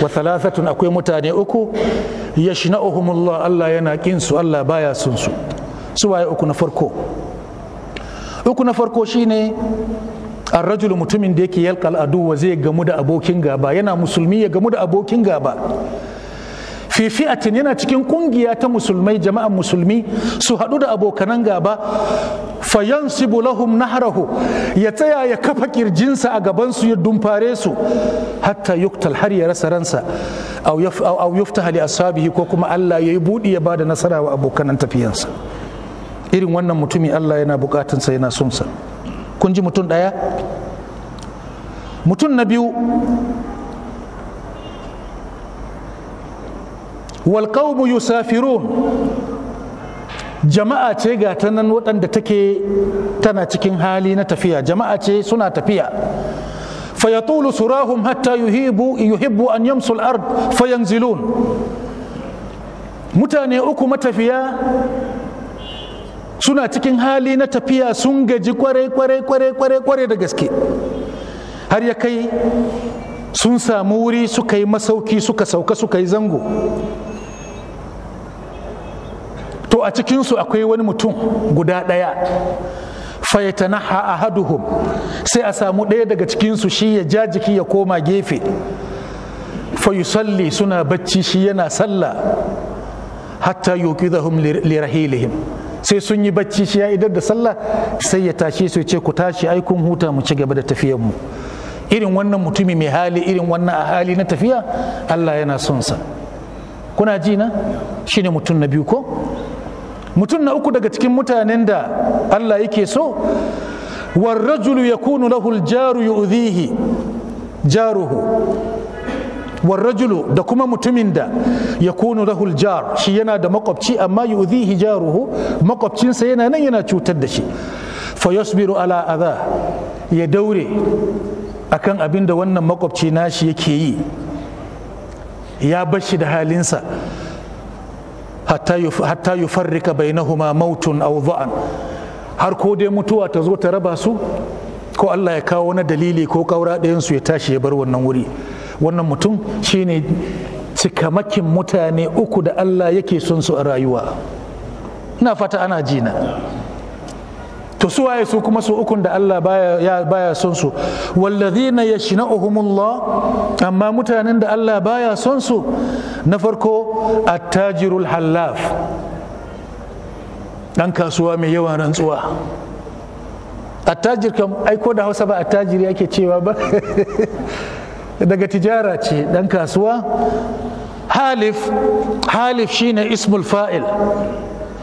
S1: wa thalathatun akwai mutane uku ya na'uhumullah Allah yana kin su Allah baya sun su su waye uku na farko uku na farko shine arrajulu mutumin da yake yalkal adu wa zai gamu da abokin gaba yana musulmi ya gamu da abokin gaba Fifi fi'atin yana cikin kungiya ta musulmai jama'an musulmi su haɗu da abokanan gaba fayansibu lahum nahrahu ya tsaya ya kafa kirjinsa a gabansu ya dumfare su hatta yuktal har ya rasa ransa aw yuftaha li ashabihi ko kuma Allah ya yi buɗi ya bada nasara wa abokanan tafiyansa irin wannan mutumi Allah yana bukatunsa yana sonsa kun ji mutum ɗaya mutum na biyu wal yusafirun jama'a ce ga ta nan waɗanda take tana cikin hali na tafiya jama'a ce suna tafiya fayatulu surahum hatta yuhibu yuhibbu an yamsul ard fayanzilun mutane uku matafiya suna cikin hali na tafiya sun gaji kwarai kwarai kwarai kwarai kwarai da gaske har ya kai sun samu wuri suka yi masauki suka sauka suka yi zango a cikinsu akwai wani mutum guda ɗaya a ahaduhum sai a samu ɗaya daga cikinsu shi ya ja jiki ya koma gefe fayusalli suna bacci shi yana sallah hatta yuqidhahum lirahilihim sai sun yi bacci shi ya idar da sallah sai ya tashi su ce ku tashi ai huta mu ci gaba da tafiyar mu irin wannan mutumi mai hali irin wannan a hali na tafiya Allah yana son sa kuna ji na shine mutum na biyu ko mutum na uku daga cikin mutanen da Allah yake so warrajulu yakunu lahu ya yu'dhihi jaruhu warrajulu da kuma mutumin da ya kunu lahul jar shi yana da makwabci amma yu'dhihi jaruhu makwabcinsa yana nan yana cutar da shi fa yasbiru ala adha ya daure akan abin da wannan makwabci nashi yake yi ya bar shi da halinsa hatta farrika na na mautun aw dha'an har ko dai mutuwa ta zo ta raba su ko Allah ya kawo na dalili ko kaura ɗayan ya tashi ya bar wannan wuri wannan mutum shine cikamakin mutane uku da Allah yake son su a rayuwa ina fata ana jina to su waye su kuma su ukun da Allah baya baya son su wallazina yashna'uhumullah amma mutanen da Allah baya son su na farko attajirul hallaf dan kasuwa mai yawan rantsuwa attajir kam ko da hausa ba attajiri ake cewa ba daga tijara ce dan kasuwa halif halif shine ismul fa'il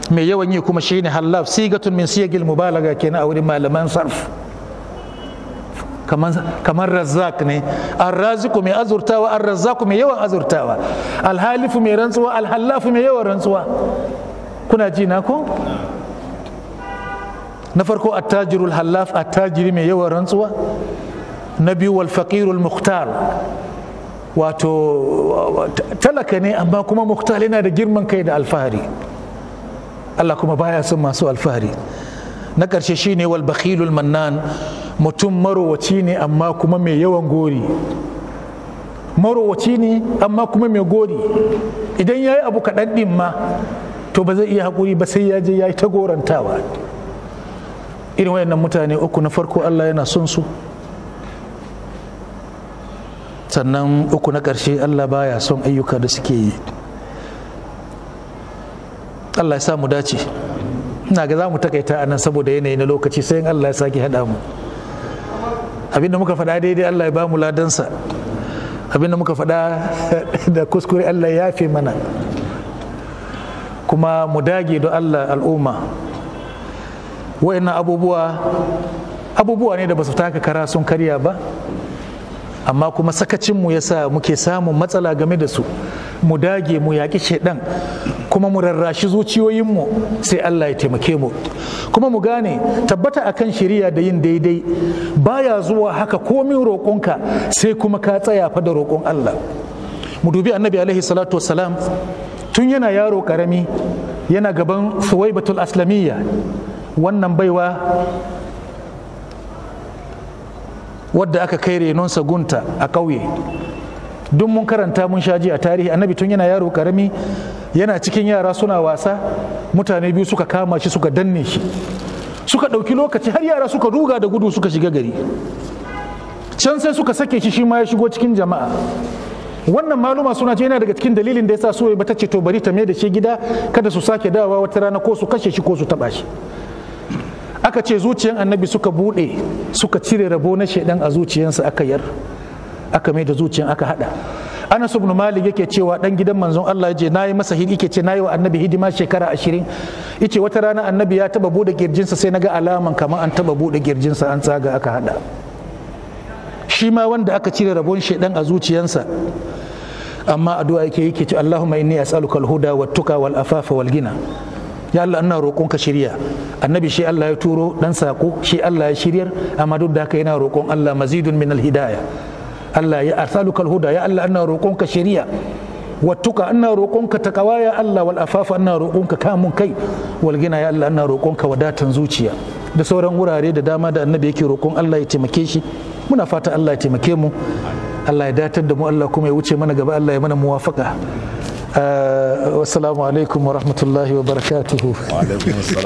S1: mai yawan yi kuma shine hallaf sigatun min siyagil mubalaga kenan a wurin malaman sarf kamar razzak ne arraziku mai azurtawa arrazzaku mai yawan azurtawa alhalifu mai rantsuwa alhallafu mai yawan rantsuwa kuna ji na ko na farko attajirul hallaf attajiri mai yawan rantsuwa na biyu wal faqirul muhtar wato talaka ne amma kuma muhtar yana da girman kai da alfahari Allah kuma baya son masu alfahari na ƙarshe shine wal bakhilul mannan mutum marowaci ne amma kuma mai yawan gori marowaci ne amma kuma mai gori idan ya yi abu kaɗan ɗin ma to ba zai iya haƙuri ba sai ya je ya yi ta gorantawa irin wayannan mutane uku na farko Allah yana son su sannan uku na ƙarshe Allah baya son ayyuka da suke yi Allah ya sa mu dace ina ga za mu takaita a nan saboda yanayi na lokaci sai in Allah ya sake haɗa mu abinda muka faɗa daidai Allah ya ba mu ladansa abinda muka faɗa da kuskure Allah ya fi mana kuma mu dage don Allah al'umma wa'annan abubuwa abubuwa ne da ba su taka kara sun karya ba amma kuma sakacinmu ya sa muke samun matsala game da su mu dage mu yaƙi shaidan kuma mu rarrashi zuciyoyinmu sai Allah ya taimake mu kuma mu gane tabbata akan shiriya da yin daidai baya zuwa haka komin roƙonka sai kuma ka tsaya fa da roƙon Allah mu dubi annabi alaihi salatu wasalam tun yana yaro karami yana gaban suwaibatul aslamiyya wannan baiwa wadda aka kai sa gunta a kauye duk mun karanta mun shaji a tarihi annabi tun yana yaro karami yana cikin yara suna wasa mutane biyu suka kama shi suka danne shi suka ɗauki lokaci har yara suka ruga da gudu suka shiga gari can sai suka sake shi shi ma ya shigo cikin jama'a wannan maluma suna ce yana daga cikin dalilin da yasa so ba ta ce to bari ta mai da shi gida kada su sake dawowa wata rana ko su kashe shi ko su taba shi aka ce zuciyan annabi suka buɗe suka cire rabo na shaidan a zuciyansa aka yar aka mai da zuciyan aka hada anas ibn malik yake cewa dan gidan manzon Allah yace nayi masa hidi yake ce nayi wa annabi hidima shekara 20 yace wata rana annabi ya taba bude girjinsa sai naga alaman kamar an taba bude girjinsa an tsaga aka hada shi ma wanda aka cire rabon shaidan a zuciyansa amma addu'a yake yake ce Allahumma inni as'aluka al-huda wat tuka wal-afafa wal-ghina ya Allah ina roƙon ka shirya annabi shi Allah ya turo dan sako shi Allah ya shiryar amma duk da haka yana roƙon Allah mazidun min alhidaya Allah ya arsaluka alhuda ya Allah ina roƙon ka shirya wattuka ina roƙon ka takawa ya Allah wal afafa ina roƙon ka kamun kai wal gina ya Allah ina roƙon ka wadatan zuciya da sauran wurare da dama da annabi yake roƙon Allah ya taimake shi muna fata Allah ya taimake mu Allah ya datar da mu Allah kuma ya wuce mana gaba Allah ya mana muwafaka آه، والسلام عليكم ورحمة الله وبركاته وعليكم السلام